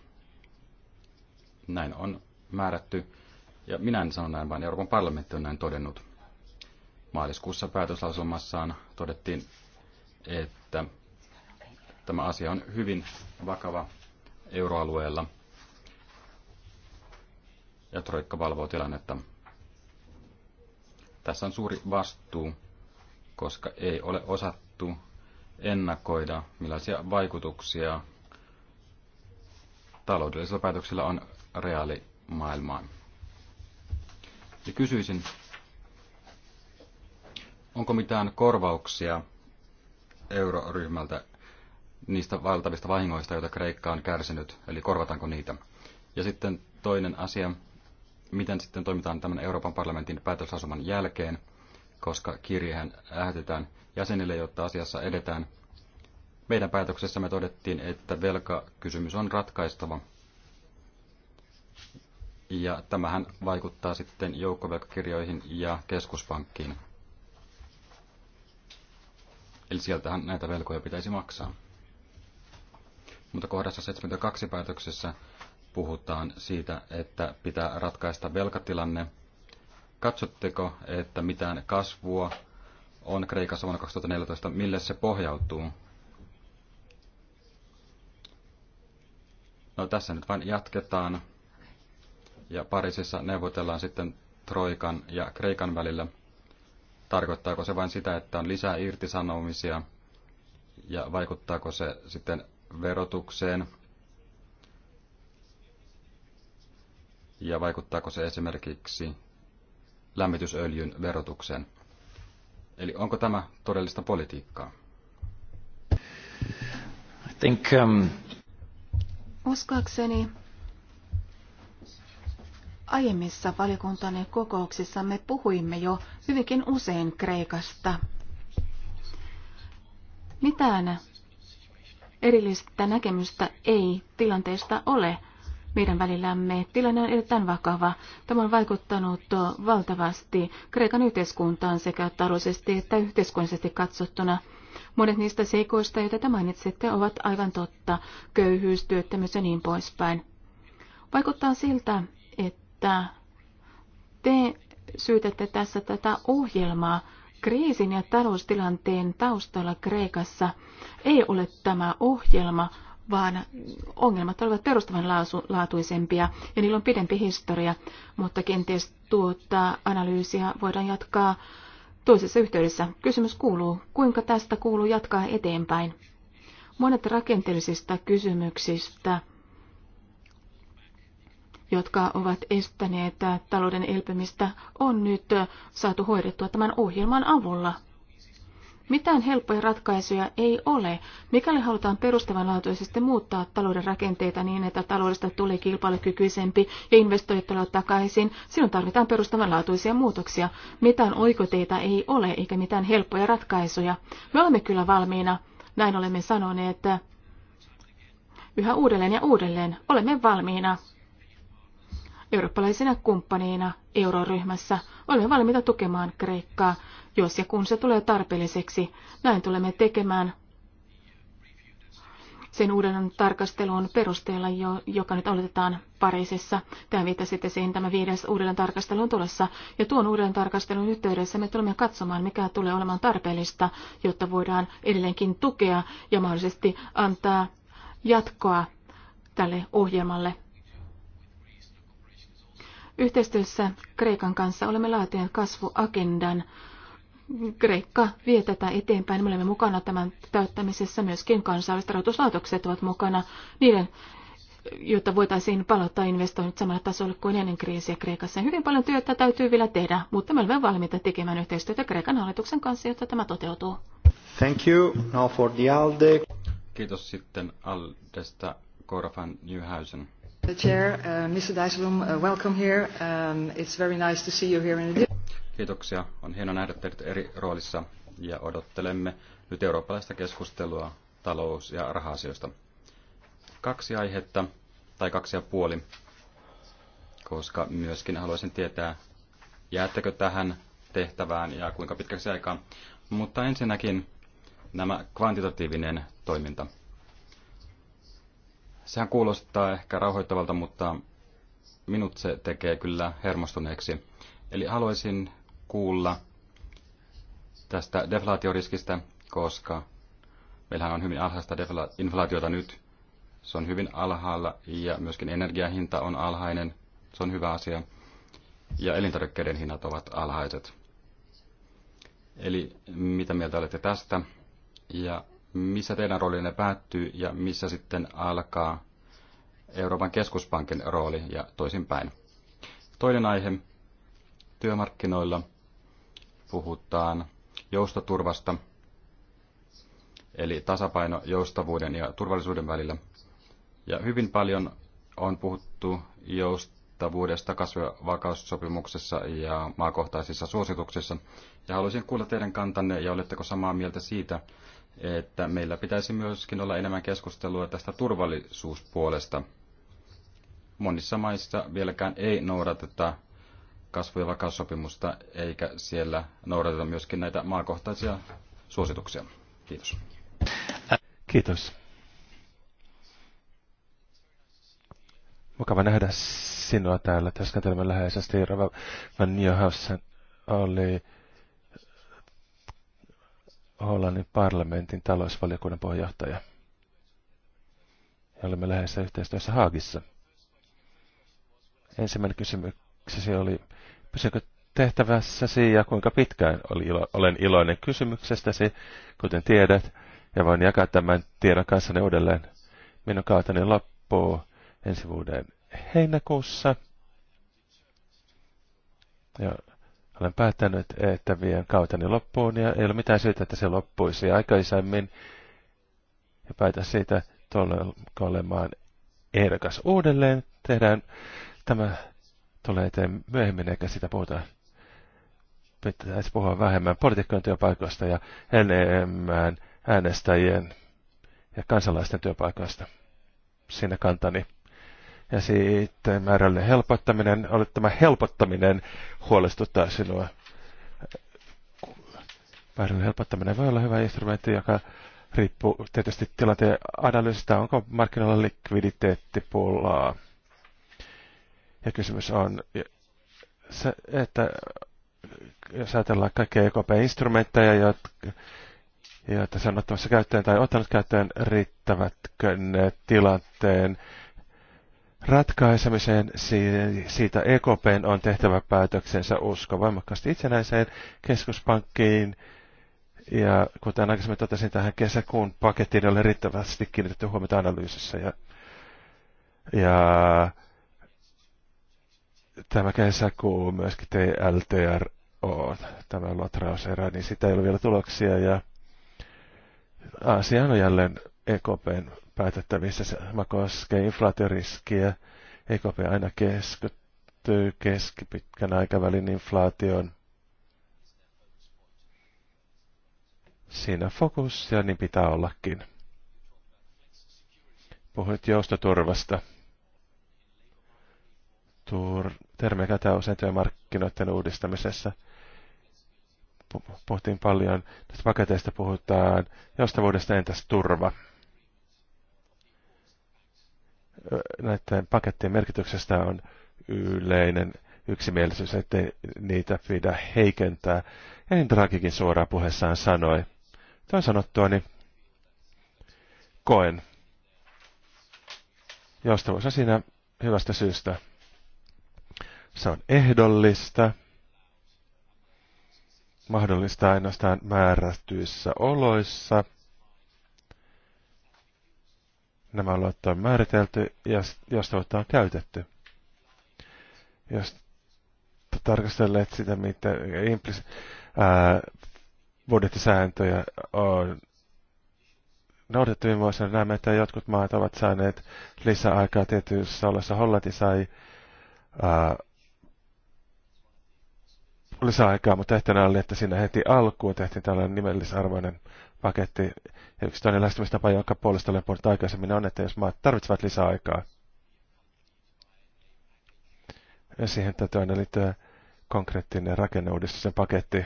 Näin on määrätty, ja minä en sano näin, vaan Euroopan parlamentti on näin todennut. Maaliskuussa päätöslauselmassaan todettiin, että tämä asia on hyvin vakava euroalueella, ja Troikka valvoo tilannetta. Tässä on suuri vastuu, koska ei ole osattu ennakoida, millaisia vaikutuksia taloudellisilla päätöksillä on reaalimaailmaan. Ja kysyisin, onko mitään korvauksia euroryhmältä niistä valtavista vahingoista, joita Kreikka on kärsinyt, eli korvataanko niitä? Ja sitten toinen asia, miten sitten toimitaan tämän Euroopan parlamentin päätösasuman jälkeen, koska kirjehän lähetetään jäsenille, jotta asiassa edetään. Meidän päätöksessämme todettiin, että velkakysymys on ratkaistava. Ja tämähän vaikuttaa sitten joukkovelkakirjoihin ja keskuspankkiin. Eli sieltähän näitä velkoja pitäisi maksaa. Mutta kohdassa 72 päätöksessä puhutaan siitä, että pitää ratkaista velkatilanne. Katsotteko, että mitään kasvua on Kreikassa vuonna 2014? Mille se pohjautuu? No tässä nyt vain jatketaan. Ja Pariisissa neuvotellaan sitten Troikan ja Kreikan välillä. Tarkoittaako se vain sitä, että on lisää irtisanomisia ja vaikuttaako se sitten verotukseen ja vaikuttaako se esimerkiksi lämmitysöljyn verotukseen. Eli onko tämä todellista politiikkaa? I think, um... Uskoakseni aiemmissa valiokuntanne kokouksissa me puhuimme jo hyvinkin usein Kreikasta. Mitään erillistä näkemystä ei tilanteesta ole meidän välillämme. Tilanne on erittäin vakava. Tämä on vaikuttanut valtavasti Kreikan yhteiskuntaan sekä taloudellisesti että yhteiskunnallisesti katsottuna. Monet niistä seikoista, joita te mainitsitte, ovat aivan totta. Köyhyys, työttömyys ja niin poispäin. Vaikuttaa siltä, että te syytätte tässä tätä ohjelmaa. Kriisin ja taloustilanteen taustalla Kreikassa ei ole tämä ohjelma, vaan ongelmat olivat perustavanlaatuisempia ja niillä on pidempi historia, mutta kenties tuota analyysiä voidaan jatkaa toisessa yhteydessä. Kysymys kuuluu, kuinka tästä kuuluu jatkaa eteenpäin? Monet rakenteellisista kysymyksistä, jotka ovat estäneet talouden elpymistä, on nyt saatu hoidettua tämän ohjelman avulla – mitään helppoja ratkaisuja ei ole. Mikäli halutaan perustavanlaatuisesti muuttaa talouden rakenteita niin, että taloudesta tulee kilpailukykyisempi ja investoijat tulevat takaisin, silloin tarvitaan perustavanlaatuisia muutoksia. Mitään oikoteita ei ole eikä mitään helppoja ratkaisuja. Me olemme kyllä valmiina, näin olemme sanoneet, yhä uudelleen ja uudelleen olemme valmiina eurooppalaisina kumppaniina euroryhmässä. Olemme valmiita tukemaan Kreikkaa jos ja kun se tulee tarpeelliseksi. Näin tulemme tekemään sen uuden tarkastelun perusteella, jo, joka nyt aloitetaan Pariisissa. Tämä sitten siihen, tämä viides uuden tarkastelun tulossa. Ja tuon uuden tarkastelun yhteydessä me tulemme katsomaan, mikä tulee olemaan tarpeellista, jotta voidaan edelleenkin tukea ja mahdollisesti antaa jatkoa tälle ohjelmalle. Yhteistyössä Kreikan kanssa olemme laatineet kasvuagendan, Kreikka vie tätä eteenpäin. Me olemme mukana tämän täyttämisessä. Myöskin kansainväliset rahoituslaitokset ovat mukana niiden jotta voitaisiin palauttaa investoinnit samalle tasolle kuin ennen kriisiä Kreikassa. Hyvin paljon työtä täytyy vielä tehdä, mutta me olemme valmiita tekemään yhteistyötä Kreikan hallituksen kanssa, jotta tämä toteutuu. Thank you. Now for the ALDE. Kiitos sitten Aldesta Cora Newhausen. The chair, uh, Mr. Dijsselbloem, uh, welcome here. Um, it's very nice to see you here in the Kiitoksia. On hienoa nähdä teidät eri roolissa ja odottelemme nyt eurooppalaista keskustelua talous- ja raha-asioista. Kaksi aihetta, tai kaksi ja puoli, koska myöskin haluaisin tietää, jäättekö tähän tehtävään ja kuinka pitkäksi aikaa. Mutta ensinnäkin nämä kvantitatiivinen toiminta. Sehän kuulostaa ehkä rauhoittavalta, mutta minut se tekee kyllä hermostuneeksi. Eli haluaisin kuulla tästä deflaatioriskistä, koska meillähän on hyvin alhaista inflaatiota nyt. Se on hyvin alhaalla ja myöskin energiahinta on alhainen. Se on hyvä asia. Ja elintarvikkeiden hinnat ovat alhaiset. Eli mitä mieltä olette tästä? Ja missä teidän roolinne päättyy ja missä sitten alkaa Euroopan keskuspankin rooli ja toisinpäin? Toinen aihe työmarkkinoilla – puhutaan joustoturvasta, eli tasapaino joustavuuden ja turvallisuuden välillä. Ja hyvin paljon on puhuttu joustavuudesta kasvivakaussopimuksessa ja maakohtaisissa suosituksissa. Ja haluaisin kuulla teidän kantanne ja oletteko samaa mieltä siitä, että meillä pitäisi myöskin olla enemmän keskustelua tästä turvallisuuspuolesta. Monissa maissa vieläkään ei noudateta kasvu- ja vakaussopimusta, eikä siellä noudateta myöskin näitä maakohtaisia suosituksia. Kiitos. Kiitos. Mukava nähdä sinua täällä työskentelemään läheisesti. Rava Van Nieuwhausen oli Hollannin parlamentin talousvaliokunnan puheenjohtaja. Ja olemme läheisessä yhteistyössä Haagissa. Ensimmäinen kysymys kysymyksesi oli, pysykö tehtävässäsi ja kuinka pitkään oli ilo, olen iloinen kysymyksestäsi, kuten tiedät, ja voin jakaa tämän tiedon ne uudelleen. Minun kautani loppuu ensi vuoden heinäkuussa. Ja olen päättänyt, että vien kautani loppuun ja ei ole mitään syytä, että se loppuisi aikaisemmin. Ja päätä siitä tuolle olemaan ehdokas uudelleen. Tehdään tämä tulee eteen myöhemmin, eikä sitä puhuta. Pitäisi puhua vähemmän poliitikkojen työpaikoista ja enemmän äänestäjien ja kansalaisten työpaikoista. Siinä kantani. Ja sitten määrällinen helpottaminen, oli tämä helpottaminen huolestuttaa sinua. Määrällinen helpottaminen voi olla hyvä instrumentti, joka riippuu tietysti tilanteen analyysistä, onko markkinoilla likviditeettipulaa ja kysymys on, se, että jos ajatellaan kaikkia EKP-instrumentteja, jotka, joita se on ottamassa käyttöön tai ottanut käyttöön, riittävätkö ne tilanteen ratkaisemiseen? Siitä EKPn on tehtävä päätöksensä usko voimakkaasti itsenäiseen keskuspankkiin. Ja kuten aikaisemmin totesin, tähän kesäkuun pakettiin oli riittävästi kiinnitetty huomiota analyysissä. Ja, ja tämä kesäkuu myöskin TLTR on tämä latrauserä, niin sitä ei ole vielä tuloksia ja asia on jälleen EKPn päätettävissä. Tämä koskee inflaatioriskiä. EKP aina keskittyy keskipitkän aikavälin inflaation. Siinä fokus ja niin pitää ollakin. Puhuit joustoturvasta tur, termiä käytetään usein työmarkkinoiden uudistamisessa. Puhuttiin paljon, tästä paketeista puhutaan, joustavuudesta entäs turva? Näiden pakettien merkityksestä on yleinen yksimielisyys, ettei niitä pidä heikentää. Elin Dragikin suoraan puheessaan sanoi. Tämä sanottua, niin koen joustavuus on siinä hyvästä syystä. Se on ehdollista, mahdollista ainoastaan määrätyissä oloissa. Nämä olot on määritelty ja joustavuutta on käytetty. Jos tarkastelet sitä, mitä implis, ää, budjettisääntöjä on noudattu viime vuosina, näemme, että jotkut maat ovat saaneet lisäaikaa tietyissä oloissa. Hollanti sai ää, lisäaikaa, mutta tehtävänä oli, että siinä heti alkuun tehtiin tällainen nimellisarvoinen paketti. Ja yksi toinen lähestymistapa, jonka puolesta olen puhunut aikaisemmin, on, että jos maat tarvitsevat lisäaikaa, ja siihen täytyy aina liittyä konkreettinen rakenneuudistus, sen paketti.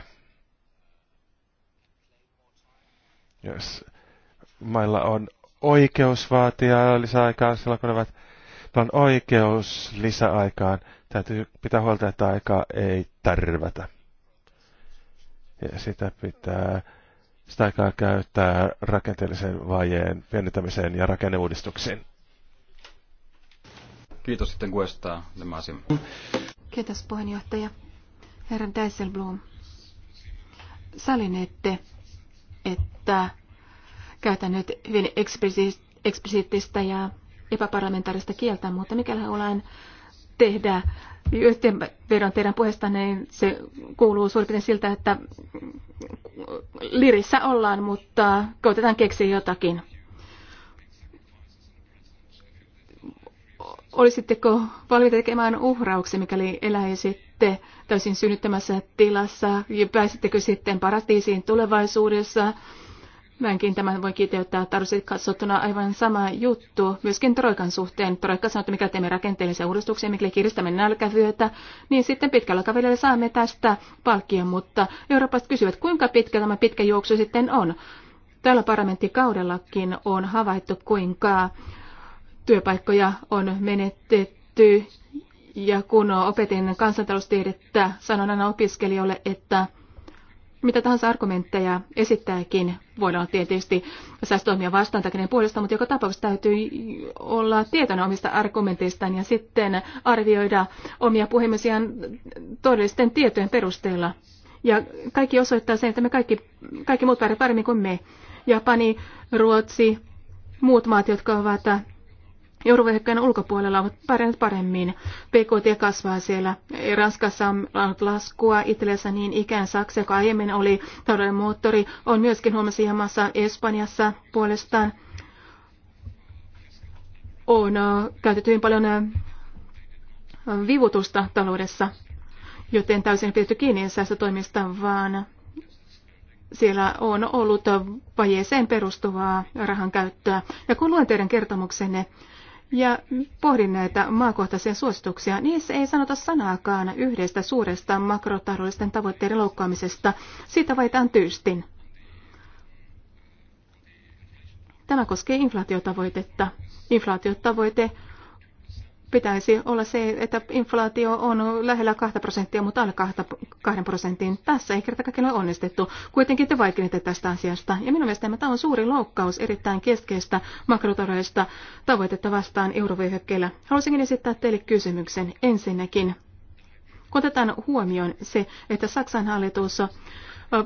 Jos mailla on oikeus vaatia lisäaikaa silloin, kun ne ovat on oikeus lisäaikaan. Täytyy pitää huolta, että aikaa ei tärvätä. Ja sitä pitää sitä aikaa käyttää rakenteellisen vajeen pienentämiseen ja rakenneuudistuksiin. Kiitos sitten kuestaa nämä asia. Kiitos puheenjohtaja. Herra Dijsselbloem, salinette, että käytän nyt hyvin eksplisiittistä ja epäparlamentaarista kieltä, mutta mikäli olen tehdä verran teidän puheesta, niin se kuuluu suurin siltä, että lirissä ollaan, mutta koitetaan keksiä jotakin. Olisitteko valmiita tekemään uhrauksia, mikäli eläisitte täysin synnyttämässä tilassa? Pääsittekö sitten paratiisiin tulevaisuudessa? Mäkin tämän voi kiteyttää tarvitsit katsottuna aivan sama juttu myöskin Troikan suhteen. Troikka sanoo, että mikä teemme rakenteellisia uudistuksia, mikäli kiristämme nälkävyötä, niin sitten pitkällä kaverilla saamme tästä palkkia, mutta Euroopasta kysyvät, kuinka pitkä tämä pitkä juoksu sitten on. Tällä parlamenttikaudellakin on havaittu, kuinka työpaikkoja on menetetty. Ja kun opetin kansantaloustiedettä, sanon aina opiskelijoille, että mitä tahansa argumentteja esittääkin, voidaan tietysti toimia vastaan tai puolesta, mutta joka tapauksessa täytyy olla tietoinen omista argumenteistaan ja sitten arvioida omia puhemisiaan todellisten tietojen perusteella. Ja kaikki osoittaa sen, että me kaikki, kaikki muut pärjää paremmin kuin me. Japani, Ruotsi, muut maat, jotka ovat Eurovyöhykkeen ulkopuolella ovat pärjänneet paremmin. PKT kasvaa siellä. Ranskassa on laskua, Italiassa niin ikään Saksa, joka aiemmin oli talouden moottori, on myöskin huomassa jamassa Espanjassa puolestaan. On käytetty hyvin paljon vivutusta taloudessa, joten täysin pidetty kiinni toimista vaan siellä on ollut vajeeseen perustuvaa rahan käyttöä. Ja kun luen teidän kertomuksenne, ja pohdin näitä maakohtaisia suosituksia. Niissä ei sanota sanaakaan yhdestä suuresta makrotaloudellisten tavoitteiden loukkaamisesta. Siitä vaitaan tyystin. Tämä koskee inflaatiotavoitetta. Inflaatiotavoite pitäisi olla se, että inflaatio on lähellä 2 prosenttia, mutta alle 2 prosentin. Tässä ei kerta kaikkiaan ole onnistettu. Kuitenkin te vaikenitte tästä asiasta. Ja minun mielestäni tämä on suuri loukkaus erittäin keskeistä makrotaloudellista tavoitetta vastaan eurovyöhykkeellä. Haluaisinkin esittää teille kysymyksen ensinnäkin. Kun otetaan huomioon se, että Saksan hallitus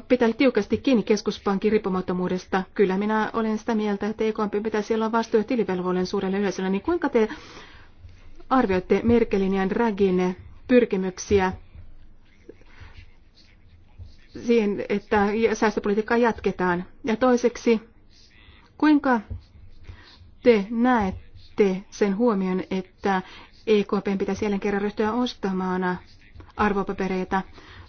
pitää tiukasti kiinni keskuspankin riippumattomuudesta. Kyllä minä olen sitä mieltä, että EKP pitäisi olla vastuu tilivelvollinen suurelle yleisölle, niin kuinka te arvioitte Merkelin ja Dragin pyrkimyksiä siihen, että säästöpolitiikkaa jatketaan? Ja toiseksi, kuinka te näette sen huomion, että EKP pitäisi jälleen kerran ryhtyä ostamaan arvopapereita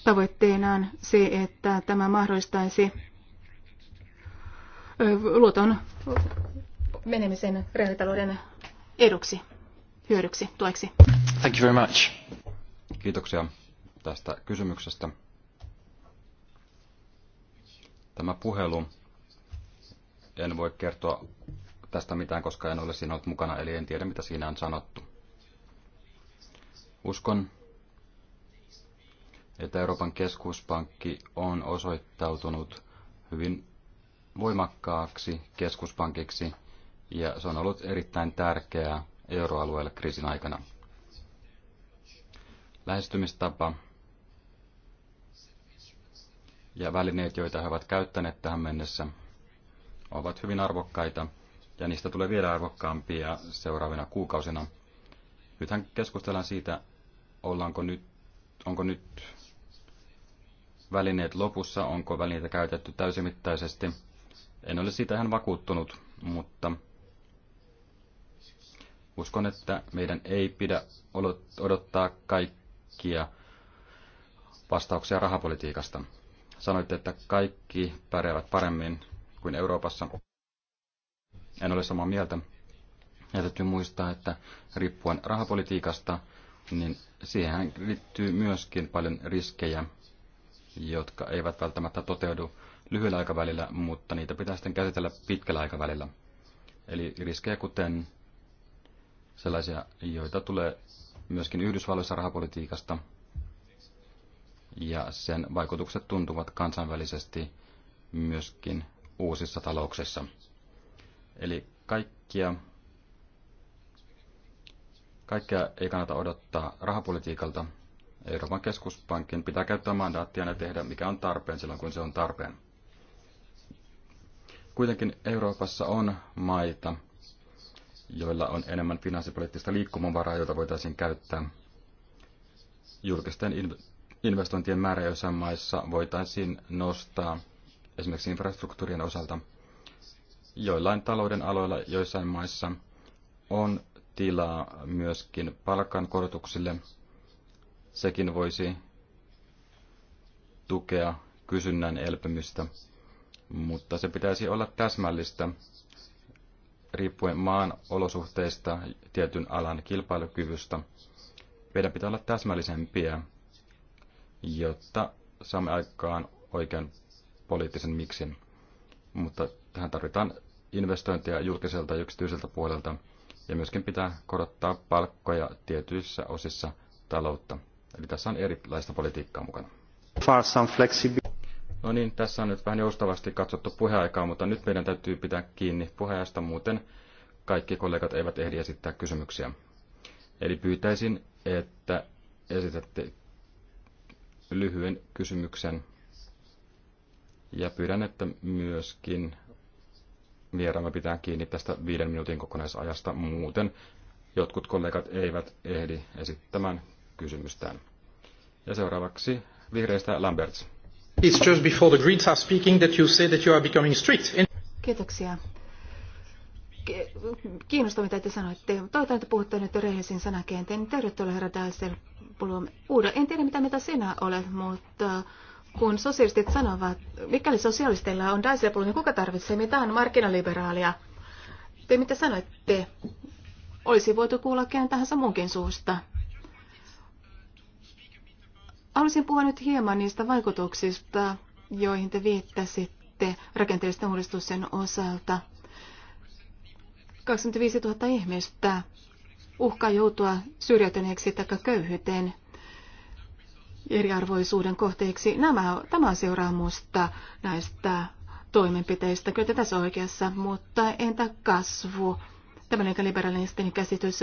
tavoitteenaan se, että tämä mahdollistaisi luoton menemisen reaalitalouden eduksi hyödyksi, tueksi. Thank you very much. Kiitoksia tästä kysymyksestä. Tämä puhelu, en voi kertoa tästä mitään, koska en ole siinä ollut mukana, eli en tiedä mitä siinä on sanottu. Uskon, että Euroopan keskuspankki on osoittautunut hyvin voimakkaaksi keskuspankiksi, ja se on ollut erittäin tärkeää euroalueelle kriisin aikana. Lähestymistapa ja välineet, joita he ovat käyttäneet tähän mennessä, ovat hyvin arvokkaita ja niistä tulee vielä arvokkaampia seuraavina kuukausina. Nythän keskustellaan siitä, ollaanko nyt, onko nyt välineet lopussa, onko välineitä käytetty täysimittaisesti. En ole siitä ihan vakuuttunut, mutta Uskon, että meidän ei pidä odottaa kaikkia vastauksia rahapolitiikasta. Sanoitte, että kaikki pärjäävät paremmin kuin Euroopassa. En ole samaa mieltä. Ja täytyy muistaa, että riippuen rahapolitiikasta, niin siihen liittyy myöskin paljon riskejä, jotka eivät välttämättä toteudu lyhyellä aikavälillä, mutta niitä pitää sitten käsitellä pitkällä aikavälillä. Eli riskejä kuten sellaisia, joita tulee myöskin Yhdysvalloissa rahapolitiikasta, ja sen vaikutukset tuntuvat kansainvälisesti myöskin uusissa talouksissa. Eli kaikkia, kaikkea ei kannata odottaa rahapolitiikalta. Euroopan keskuspankin pitää käyttää mandaattia ja tehdä mikä on tarpeen silloin, kun se on tarpeen. Kuitenkin Euroopassa on maita, joilla on enemmän finanssipoliittista liikkumavaraa, jota voitaisiin käyttää. Julkisten investointien määrä joissain maissa voitaisiin nostaa esimerkiksi infrastruktuurien osalta. Joillain talouden aloilla joissain maissa on tilaa myöskin palkankorotuksille. Sekin voisi tukea kysynnän elpymistä, mutta se pitäisi olla täsmällistä riippuen maan olosuhteista, tietyn alan kilpailukyvystä. Meidän pitää olla täsmällisempiä, jotta saamme aikaan oikean poliittisen miksin. Mutta tähän tarvitaan investointeja julkiselta ja yksityiseltä puolelta, ja myöskin pitää korottaa palkkoja tietyissä osissa taloutta. Eli tässä on erilaista politiikkaa mukana. Far some flexibility. No niin, tässä on nyt vähän joustavasti katsottu puheaikaa, mutta nyt meidän täytyy pitää kiinni puheajasta, muuten kaikki kollegat eivät ehdi esittää kysymyksiä. Eli pyytäisin, että esitätte lyhyen kysymyksen ja pyydän, että myöskin vieraamme pitää kiinni tästä viiden minuutin kokonaisajasta. Muuten jotkut kollegat eivät ehdi esittämään kysymystään. Ja seuraavaksi vihreistä Lamberts. It's just before the Greens are speaking that you say that you are becoming strict. Kiitoksia. Kiinnostaa, mitä te sanoitte. Toivotan, että puhutte nyt rehellisin sanakenteen. Tervetuloa, herra Dijsselbloem. uuden. en tiedä, mitä mitä sinä olet, mutta kun sosialistit sanovat, mikäli sosialisteilla on Dijsselbloem, niin kuka tarvitsee mitään markkinaliberaalia? Te mitä sanoitte? Olisi voitu kuulla kenen tahansa muunkin suusta. Haluaisin puhua nyt hieman niistä vaikutuksista, joihin te viittasitte rakenteellisten uudistusten osalta. 25 000 ihmistä uhkaa joutua syrjäytyneeksi tai köyhyyteen eriarvoisuuden kohteeksi. Nämä, tämä on seuraamusta näistä toimenpiteistä. Kyllä tässä oikeassa, mutta entä kasvu? Tämmöinen liberalistinen käsitys.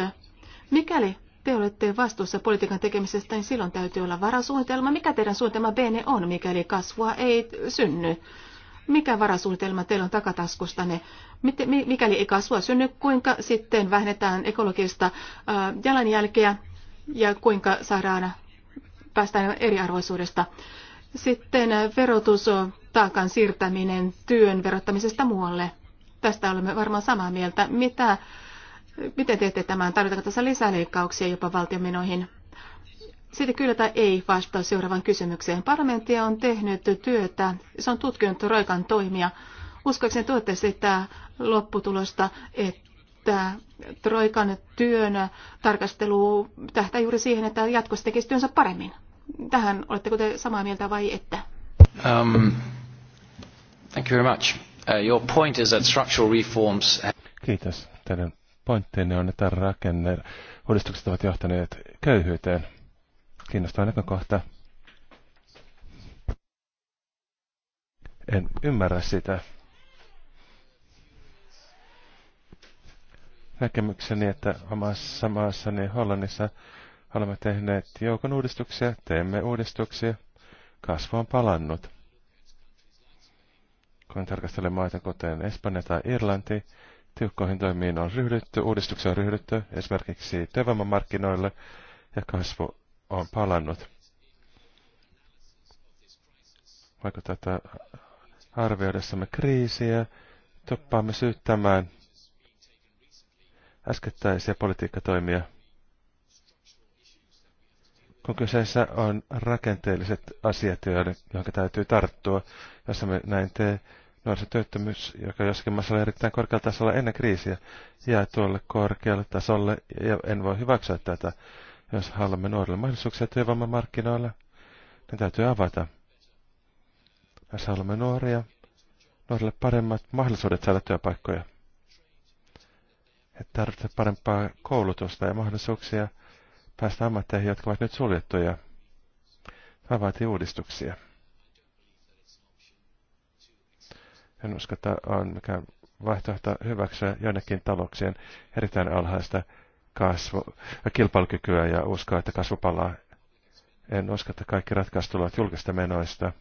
Mikäli te olette vastuussa politiikan tekemisestä, niin silloin täytyy olla varasuunnitelma. Mikä teidän suunnitelma B on, mikäli kasvua ei synny? Mikä varasuunnitelma teillä on takataskustanne? Mikäli ei kasvua synny, kuinka sitten vähennetään ekologista äh, jalanjälkeä ja kuinka saadaan päästään eriarvoisuudesta? Sitten äh, verotus, taakan siirtäminen työn verottamisesta muualle. Tästä olemme varmaan samaa mieltä. Mitä Miten teette tämän? Tarvitaanko tässä lisää leikkauksia jopa valtiomenoihin? Sitten kyllä tai ei vastaa seuraavaan kysymykseen. Parlamentti on tehnyt työtä, se on tutkinut Roikan toimia. Uskoakseni tuotte sitä lopputulosta, että Troikan työn tarkastelu tähtää juuri siihen, että jatkossa tekisi työnsä paremmin. Tähän oletteko te samaa mieltä vai ette? Um, thank you very much. Uh, your point is that structural reforms... Kiitos. Teidän pointtinne on, että uudistukset ovat johtaneet köyhyyteen. Kiinnostaa näkökohta. En ymmärrä sitä. Näkemykseni, että omassa maassani Hollannissa olemme tehneet joukon uudistuksia, teemme uudistuksia. Kasvu on palannut. Kun tarkastelen maita kuten Espanja tai Irlanti, Tiukkoihin toimiin on ryhdytty, uudistuksia on ryhdytty esimerkiksi työvoimamarkkinoille ja kasvu on palannut. Vaikka tätä arvioidessamme kriisiä, toppaamme syyttämään äskettäisiä politiikkatoimia, kun kyseessä on rakenteelliset asiat, joihin täytyy tarttua, jos me näin teemme, työttömyys, joka jossakin maassa oli erittäin korkealla tasolla ennen kriisiä, jää tuolle korkealle tasolle ja en voi hyväksyä tätä. Jos haluamme nuorille mahdollisuuksia työvoimamarkkinoille, niin täytyy avata. Jos haluamme nuoria, nuorille paremmat mahdollisuudet saada työpaikkoja. että tarvitsee parempaa koulutusta ja mahdollisuuksia päästä ammatteihin, jotka ovat nyt suljettuja. Tämä vaatii uudistuksia. En usko, että on mikään vaihtoehto hyväksyä jonnekin talouksien erittäin alhaista kasvu, kilpailukykyä ja uskoa, että kasvu palaa. En usko, että kaikki ratkaisut tulevat julkista menoista.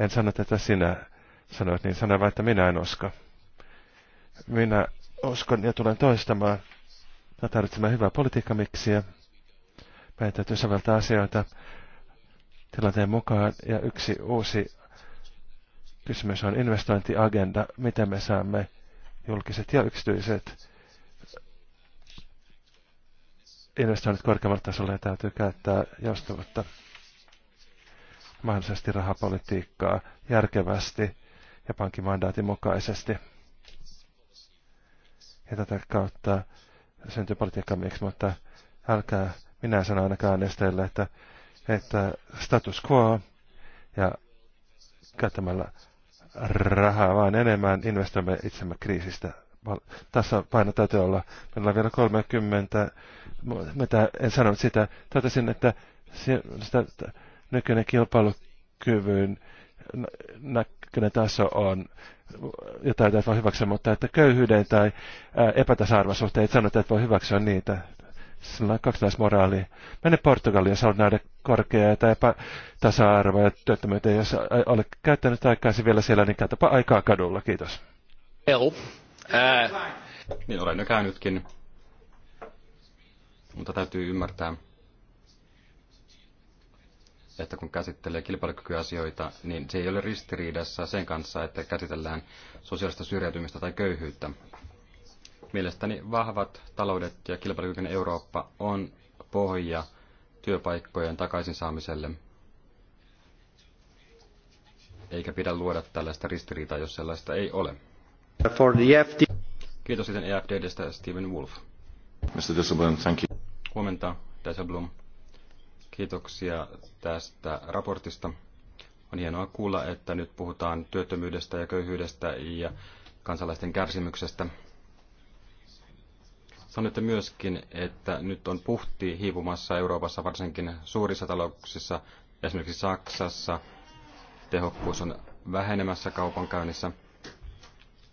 En sano tätä sinä sanoit, niin sano vain, että minä en usko. Minä uskon ja tulen toistamaan. Me tarvitsemme hyvää politiikkamiksiä. Meidän täytyy säveltää asioita tilanteen mukaan. Ja yksi uusi kysymys on investointiagenda. Miten me saamme julkiset ja yksityiset investoinnit korkeammalle tasolle ja täytyy käyttää joustavuutta mahdollisesti rahapolitiikkaa järkevästi ja pankkimandaatin mukaisesti. Ja tätä kautta syntyy miksi, mutta älkää minä sanon ainakaan esteille, että että status quo ja käyttämällä rahaa vain enemmän investoimme itsemme kriisistä. Tässä paino täytyy olla. Meillä on vielä 30, mitä en sanonut sitä. Totesin, että sitä, nykyinen kilpailukyvyn näköinen taso on jotain, että voi hyväksyä, mutta että köyhyyden tai epätasa-arvon suhteen et että voi hyväksyä niitä kaksinaismoraali. Mene Portugaliin, jos haluat nähdä korkeaa tai tasa-arvoa ja työttömyyttä. Jos olet käyttänyt aikaasi vielä siellä, niin käytäpä aikaa kadulla. Kiitos. El. Ää. Uh, niin olen jo käynytkin. Mutta täytyy ymmärtää, että kun käsittelee kilpailukykyasioita, niin se ei ole ristiriidassa sen kanssa, että käsitellään sosiaalista syrjäytymistä tai köyhyyttä. Mielestäni vahvat taloudet ja kilpailukykyinen Eurooppa on pohja työpaikkojen takaisin saamiselle. Eikä pidä luoda tällaista ristiriitaa, jos sellaista ei ole. For the FD. Kiitos sitten EFDstä Steven Wolf. Mr. Disselblom, thank you. Huomenta, Disselblom. Kiitoksia tästä raportista. On hienoa kuulla, että nyt puhutaan työttömyydestä ja köyhyydestä ja kansalaisten kärsimyksestä. Sanoitte myöskin, että nyt on puhti hiipumassa Euroopassa, varsinkin suurissa talouksissa, esimerkiksi Saksassa. Tehokkuus on vähenemässä kaupankäynnissä.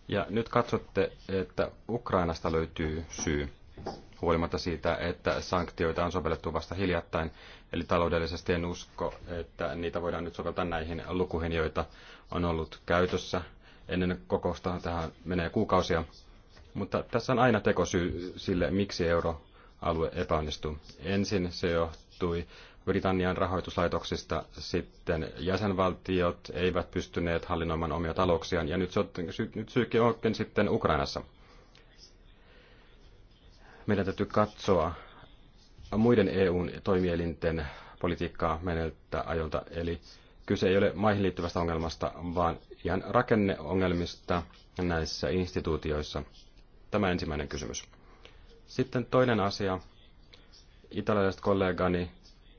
Ja nyt katsotte, että Ukrainasta löytyy syy, huolimatta siitä, että sanktioita on sovellettu vasta hiljattain. Eli taloudellisesti en usko, että niitä voidaan nyt soveltaa näihin lukuihin, joita on ollut käytössä. Ennen kokousta tähän menee kuukausia. Mutta tässä on aina tekosyy sille, miksi euroalue epäonnistuu. Ensin se johtui Britannian rahoituslaitoksista, sitten jäsenvaltiot eivät pystyneet hallinnoimaan omia talouksiaan, ja nyt, se on, nyt syykin onkin sitten Ukrainassa. Meidän täytyy katsoa muiden EUn toimielinten politiikkaa meneltä ajolta, eli kyse ei ole maihin liittyvästä ongelmasta, vaan ihan rakenneongelmista näissä instituutioissa. Tämä ensimmäinen kysymys. Sitten toinen asia. Italialaiset kollegani,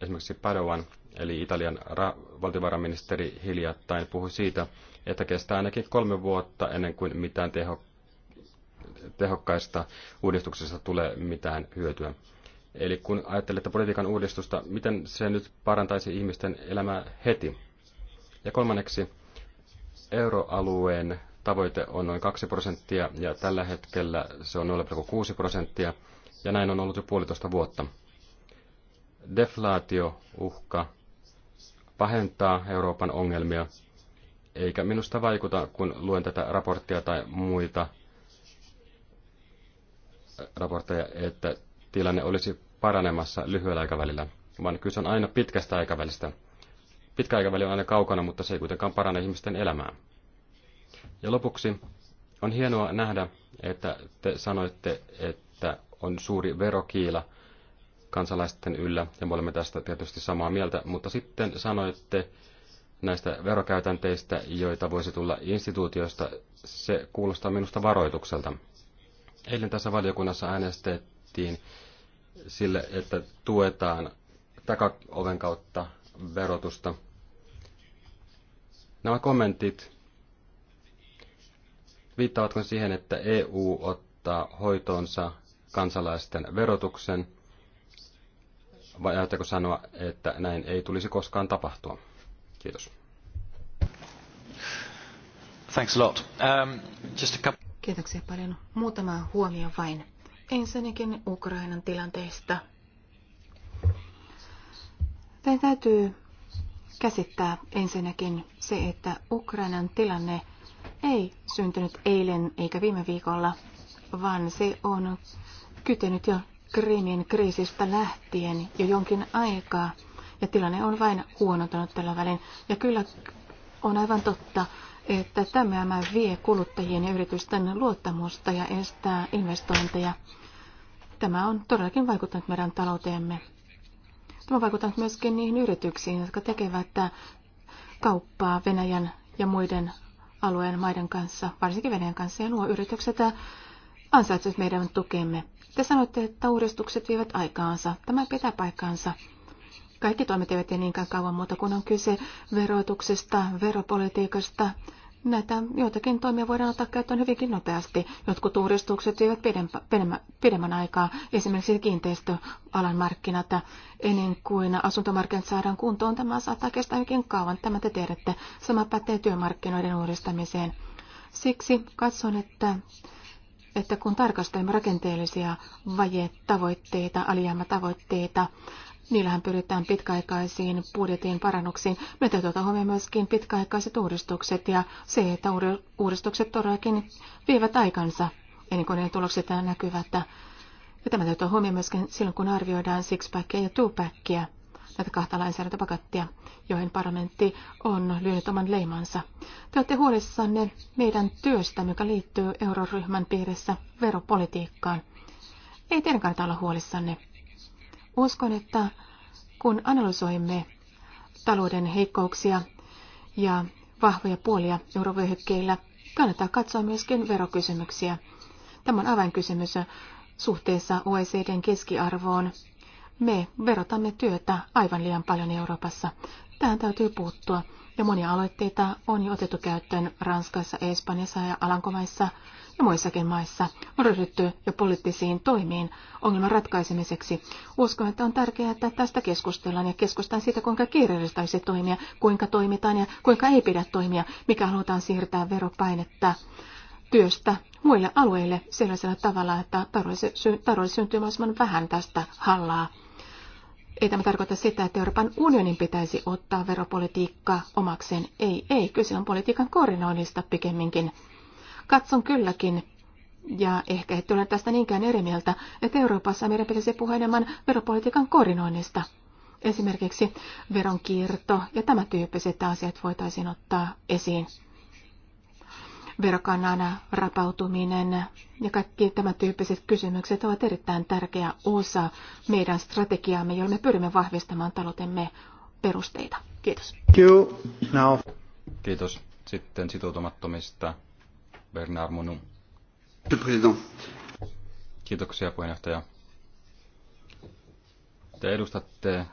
esimerkiksi Padovan, eli Italian ra- valtiovarainministeri hiljattain puhui siitä, että kestää ainakin kolme vuotta ennen kuin mitään teho- tehokkaista uudistuksista tulee mitään hyötyä. Eli kun ajattelette politiikan uudistusta, miten se nyt parantaisi ihmisten elämää heti? Ja kolmanneksi, euroalueen tavoite on noin 2 prosenttia ja tällä hetkellä se on 0,6 prosenttia ja näin on ollut jo puolitoista vuotta. Deflaatiouhka pahentaa Euroopan ongelmia, eikä minusta vaikuta, kun luen tätä raporttia tai muita raportteja, että tilanne olisi paranemassa lyhyellä aikavälillä, vaan kyse on aina pitkästä aikavälistä. Pitkä aikaväli on aina kaukana, mutta se ei kuitenkaan parane ihmisten elämää. Ja lopuksi on hienoa nähdä, että te sanoitte, että on suuri verokiila kansalaisten yllä, ja me olemme tästä tietysti samaa mieltä, mutta sitten sanoitte näistä verokäytänteistä, joita voisi tulla instituutioista, se kuulostaa minusta varoitukselta. Eilen tässä valiokunnassa äänestettiin sille, että tuetaan takaoven kautta verotusta. Nämä kommentit Viittaavatko siihen, että EU ottaa hoitoonsa kansalaisten verotuksen, vai ajatteko sanoa, että näin ei tulisi koskaan tapahtua? Kiitos. Thanks a lot. Um, just a couple... Kiitoksia paljon. Muutama huomio vain. Ensinnäkin Ukrainan tilanteesta. Tämä täytyy käsittää ensinnäkin se, että Ukrainan tilanne – ei syntynyt eilen eikä viime viikolla, vaan se on kytenyt jo Krimin kriisistä lähtien jo jonkin aikaa. Ja tilanne on vain huonontunut tällä välin. Ja kyllä on aivan totta, että tämä vie kuluttajien ja yritysten luottamusta ja estää investointeja. Tämä on todellakin vaikuttanut meidän talouteemme. Tämä on vaikuttanut myöskin niihin yrityksiin, jotka tekevät kauppaa Venäjän ja muiden alueen maiden kanssa, varsinkin Venäjän kanssa, ja nuo yritykset äh, ansaitsevat meidän tukemme. Te sanoitte, että uudistukset vievät aikaansa. Tämä pitää paikkaansa. Kaikki toimet eivät niinkään kauan muuta, kun on kyse verotuksesta, veropolitiikasta, Näitä joitakin toimia voidaan ottaa käyttöön hyvinkin nopeasti. Jotkut uudistukset vievät pidemmän aikaa, esimerkiksi kiinteistöalan markkinat. Ennen kuin asuntomarkkinat saadaan kuntoon, tämä saattaa kestää hyvinkin kauan. Tämä te tiedätte. Sama pätee työmarkkinoiden uudistamiseen. Siksi katson, että että kun tarkastelemme rakenteellisia vajetavoitteita, alijäämätavoitteita, Niillähän pyritään pitkäaikaisiin budjetin parannuksiin. Me täytyy ottaa huomioon myöskin pitkäaikaiset uudistukset ja se, että uudistukset todellakin vievät aikansa ennen kuin ne tulokset näkyvät. Ja tämä täytyy huomioon myöskin silloin, kun arvioidaan sixpackia ja two-packia, näitä kahta lainsäädäntöpakettia, joihin parlamentti on lyönyt oman leimansa. Te olette huolissanne meidän työstä, joka liittyy euroryhmän piirissä veropolitiikkaan. Ei teidän kannata olla huolissanne. Uskon, että kun analysoimme talouden heikkouksia ja vahvoja puolia eurovyöhykkeillä, kannattaa katsoa myöskin verokysymyksiä. Tämä on avainkysymys suhteessa OECDn keskiarvoon. Me verotamme työtä aivan liian paljon Euroopassa. Tähän täytyy puuttua, ja monia aloitteita on jo otettu käyttöön Ranskassa, Espanjassa ja Alankomaissa – ja muissakin maissa on ryhdytty jo poliittisiin toimiin ongelman ratkaisemiseksi. Uskon, että on tärkeää, että tästä keskustellaan ja keskustellaan siitä, kuinka kiireellistä olisi toimia, kuinka toimitaan ja kuinka ei pidä toimia, mikä halutaan siirtää veropainetta työstä muille alueille sellaisella tavalla, että tarvitsisi syntyä mahdollisimman vähän tästä hallaa. Ei tämä tarkoita sitä, että Euroopan unionin pitäisi ottaa veropolitiikkaa omakseen. Ei, ei, kyse on politiikan koordinoinnista pikemminkin. Katson kylläkin, ja ehkä et ole tästä niinkään eri mieltä, että Euroopassa meidän pitäisi puhua enemmän veropolitiikan koordinoinnista. Esimerkiksi veronkierto ja tämä tyyppiset asiat voitaisiin ottaa esiin. Verokannan rapautuminen ja kaikki tämä tyyppiset kysymykset ovat erittäin tärkeä osa meidän strategiaamme, jolla me pyrimme vahvistamaan taloutemme perusteita. Kiitos. Kiitos. Sitten sitoutumattomista Bernard Monu. Kiitoksia puheenjohtaja. Te edustatte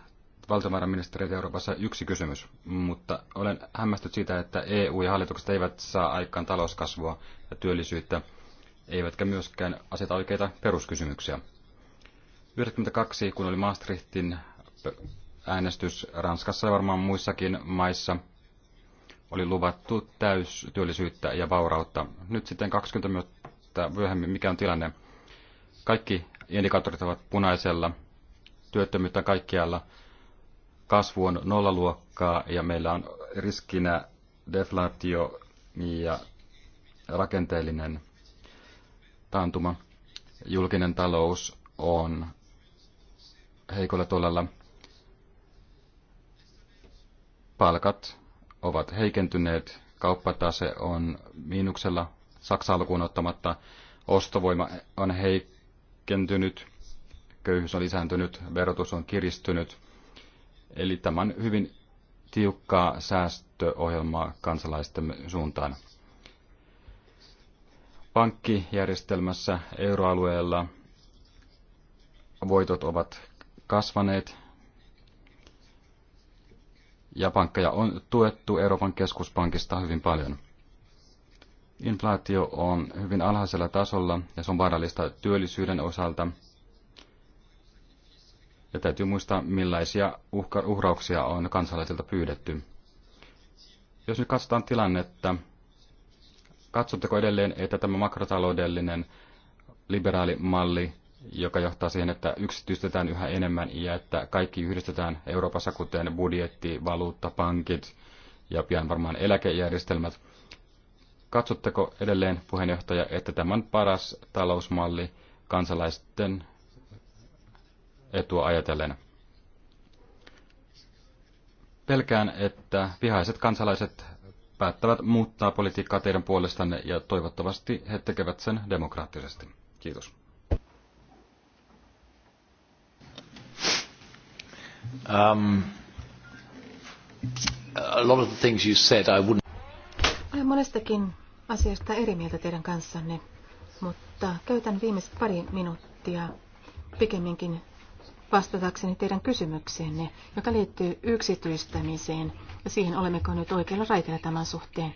valtiovarainministeriötä Euroopassa yksi kysymys, mutta olen hämmästynyt siitä, että EU ja hallitukset eivät saa aikaan talouskasvua ja työllisyyttä, eivätkä myöskään aseta oikeita peruskysymyksiä. 1992, kun oli Maastrichtin äänestys Ranskassa ja varmaan muissakin maissa – oli luvattu täystyöllisyyttä ja vaurautta. Nyt sitten 20 minuuttia myöhemmin, mikä on tilanne? Kaikki indikaattorit ovat punaisella, työttömyyttä kaikkialla, kasvu on nollaluokkaa ja meillä on riskinä deflaatio ja rakenteellinen taantuma. Julkinen talous on heikolla tolalla. Palkat ovat heikentyneet, kauppatase on miinuksella Saksaa lukuun ottamatta, ostovoima on heikentynyt, köyhyys on lisääntynyt, verotus on kiristynyt. Eli tämä on hyvin tiukkaa säästöohjelmaa kansalaisten suuntaan. Pankkijärjestelmässä euroalueella voitot ovat kasvaneet ja pankkeja on tuettu Euroopan keskuspankista hyvin paljon. Inflaatio on hyvin alhaisella tasolla ja se on vaarallista työllisyyden osalta. Ja täytyy muistaa, millaisia uhka- uhrauksia on kansalaisilta pyydetty. Jos nyt katsotaan tilannetta, katsotteko edelleen, että tämä makrotaloudellinen liberaali malli joka johtaa siihen, että yksityistetään yhä enemmän ja että kaikki yhdistetään Euroopassa, kuten budjetti, valuutta, pankit ja pian varmaan eläkejärjestelmät. Katsotteko edelleen, puheenjohtaja, että tämä on paras talousmalli kansalaisten etua ajatellen? Pelkään, että vihaiset kansalaiset päättävät muuttaa politiikkaa teidän puolestanne ja toivottavasti he tekevät sen demokraattisesti. Kiitos. Um, a lot of the things you said I wouldn't... Olen monestakin asiasta eri mieltä teidän kanssanne, mutta käytän viimeiset pari minuuttia pikemminkin vastatakseni teidän kysymykseenne, joka liittyy yksityistämiseen ja siihen olemmeko nyt oikealla raiteella tämän suhteen.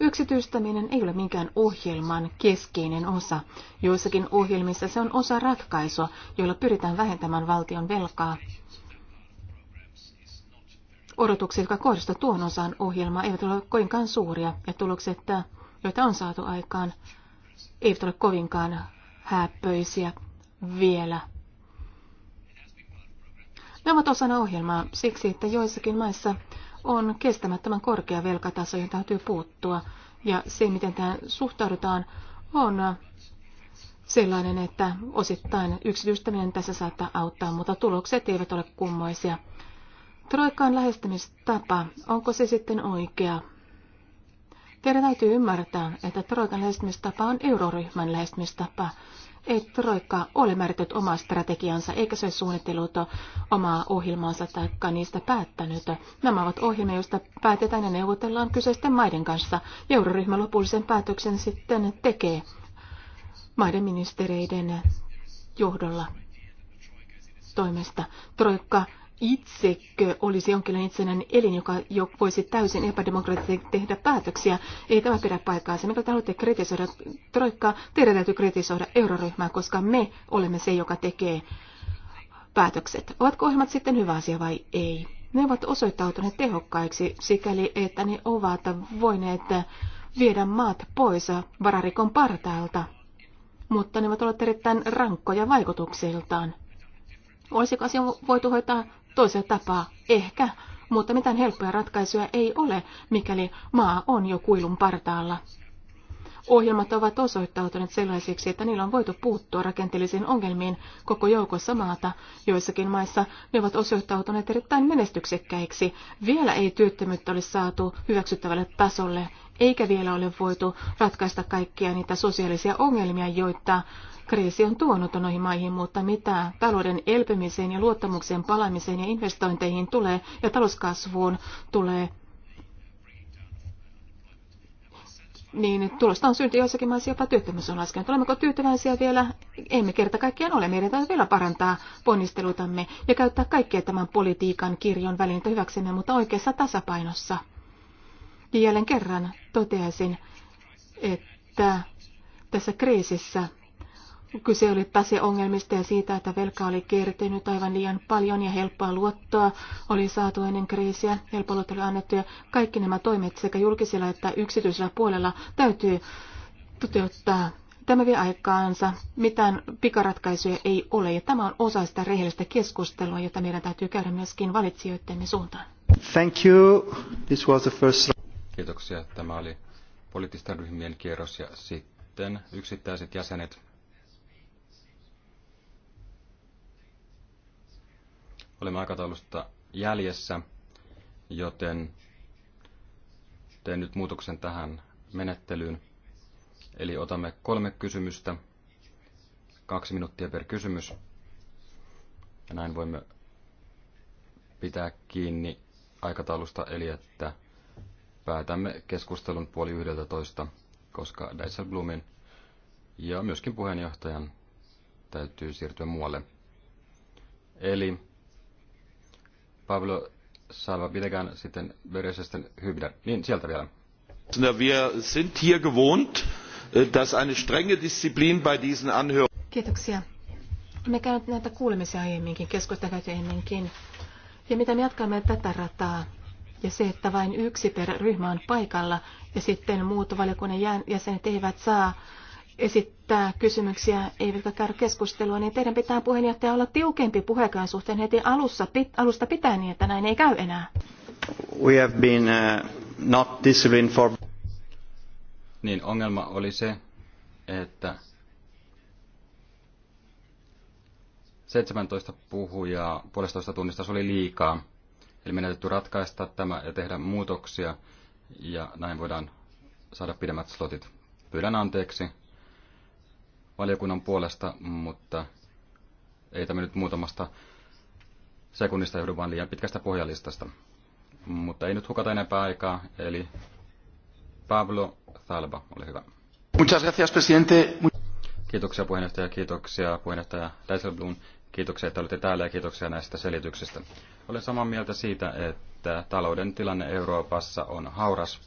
Yksityistäminen ei ole minkään ohjelman keskeinen osa. Joissakin ohjelmissa se on osa ratkaisua, jolla pyritään vähentämään valtion velkaa Odotukset, jotka kohdistuvat tuon osan ohjelmaa, eivät ole kovinkaan suuria ja tulokset, joita on saatu aikaan, eivät ole kovinkaan häppöisiä vielä. Ne ovat osana ohjelmaa siksi, että joissakin maissa on kestämättömän korkea velkataso, johon täytyy puuttua. Ja se, miten tähän suhtaudutaan, on sellainen, että osittain yksityistäminen tässä saattaa auttaa, mutta tulokset eivät ole kummoisia. Troikan lähestymistapa, onko se sitten oikea? Teidän täytyy ymmärtää, että Troikan lähestymistapa on euroryhmän lähestymistapa. Ei Troikka ole määritellyt omaa strategiansa, eikä se ole suunnitellut omaa ohjelmaansa tai niistä päättänyt. Nämä ovat ohjelmia, joista päätetään ja neuvotellaan kyseisten maiden kanssa. Euroryhmä lopullisen päätöksen sitten tekee maiden ministereiden johdolla toimesta. Troikka itsekö olisi jonkinlainen itsenäinen elin, joka jo voisi täysin epädemokraattisesti tehdä päätöksiä. Ei tämä pidä paikkaansa. Se, mitä te haluatte kritisoida Troikkaa, teidän täytyy kritisoida euroryhmää, koska me olemme se, joka tekee päätökset. Ovatko ohjelmat sitten hyvä asia vai ei? Ne ovat osoittautuneet tehokkaiksi sikäli, että ne ovat voineet viedä maat pois vararikon partaalta. mutta ne ovat olleet erittäin rankkoja vaikutuksiltaan. Olisiko asia voitu hoitaa toisella tapaa, ehkä, mutta mitään helppoja ratkaisuja ei ole, mikäli maa on jo kuilun partaalla. Ohjelmat ovat osoittautuneet sellaisiksi, että niillä on voitu puuttua rakenteellisiin ongelmiin koko joukossa maata. Joissakin maissa ne ovat osoittautuneet erittäin menestyksekkäiksi. Vielä ei työttömyyttä ole saatu hyväksyttävälle tasolle eikä vielä ole voitu ratkaista kaikkia niitä sosiaalisia ongelmia, joita kriisi on tuonut noihin maihin, mutta mitä talouden elpymiseen ja luottamuksen palamiseen ja investointeihin tulee ja talouskasvuun tulee, niin tulosta on syntynyt joissakin maissa jopa työttömyys on laskenut. Olemmeko tyytyväisiä vielä? Emme kerta kaikkiaan ole. Meidän täytyy vielä parantaa ponnistelutamme ja käyttää kaikkea tämän politiikan kirjon välineitä hyväksemme, mutta oikeassa tasapainossa. Ja jälleen kerran toteaisin, että tässä kriisissä Kyse oli taseongelmista ja siitä, että velka oli kertynyt aivan liian paljon ja helppoa luottoa oli saatu ennen kriisiä, helppoa luottoa oli annettu ja kaikki nämä toimet sekä julkisella että yksityisellä puolella täytyy toteuttaa. Tämä vie aikaansa, mitään pikaratkaisuja ei ole ja tämä on osa sitä rehellistä keskustelua, jota meidän täytyy käydä myöskin valitsijoittemme suuntaan. Thank you. This was the first... Kiitoksia. Tämä oli poliittisten ryhmien kierros ja sitten yksittäiset jäsenet. Olemme aikataulusta jäljessä, joten teen nyt muutoksen tähän menettelyyn. Eli otamme kolme kysymystä, kaksi minuuttia per kysymys. Ja näin voimme pitää kiinni aikataulusta, eli että päätämme keskustelun puoli yhdeltä toista, koska Blumin ja myöskin puheenjohtajan täytyy siirtyä muualle. Eli Pablo Salva pidetään sitten Beres sitten Niin, sieltä vielä. Wir sind hier gewohnt, äh, dass eine strenge Disziplin bei diesen Anhörungen... Kiitoksia. Me käymme näitä kuulemisia aiemminkin, keskustelua aiemminkin. Ja mitä me jatkamme tätä rataa, ja se, että vain yksi per ryhmä on paikalla ja sitten muut valiokunnan jäsenet eivät saa esittää kysymyksiä eivätkä käydä keskustelua, niin teidän pitää puheenjohtaja olla tiukempi puheenjohtajan suhteen heti alussa, pit, alusta pitää niin, että näin ei käy enää. We have been uh, not disciplined for... Niin ongelma oli se, että 17 puhujaa puolestoista tunnista se oli liikaa. Eli meidän täytyy ratkaista tämä ja tehdä muutoksia, ja näin voidaan saada pidemmät slotit. Pyydän anteeksi valiokunnan puolesta, mutta ei tämä nyt muutamasta sekunnista joudu, vaan liian pitkästä pohjalistasta. Mutta ei nyt hukata enempää aikaa, eli Pablo Zalba, ole hyvä. Muchas gracias, presidente. Kiitoksia puheenjohtaja, kiitoksia puheenjohtaja Dijsselbloem Kiitoksia, että olitte täällä ja kiitoksia näistä selityksistä. Olen samaa mieltä siitä, että talouden tilanne Euroopassa on hauras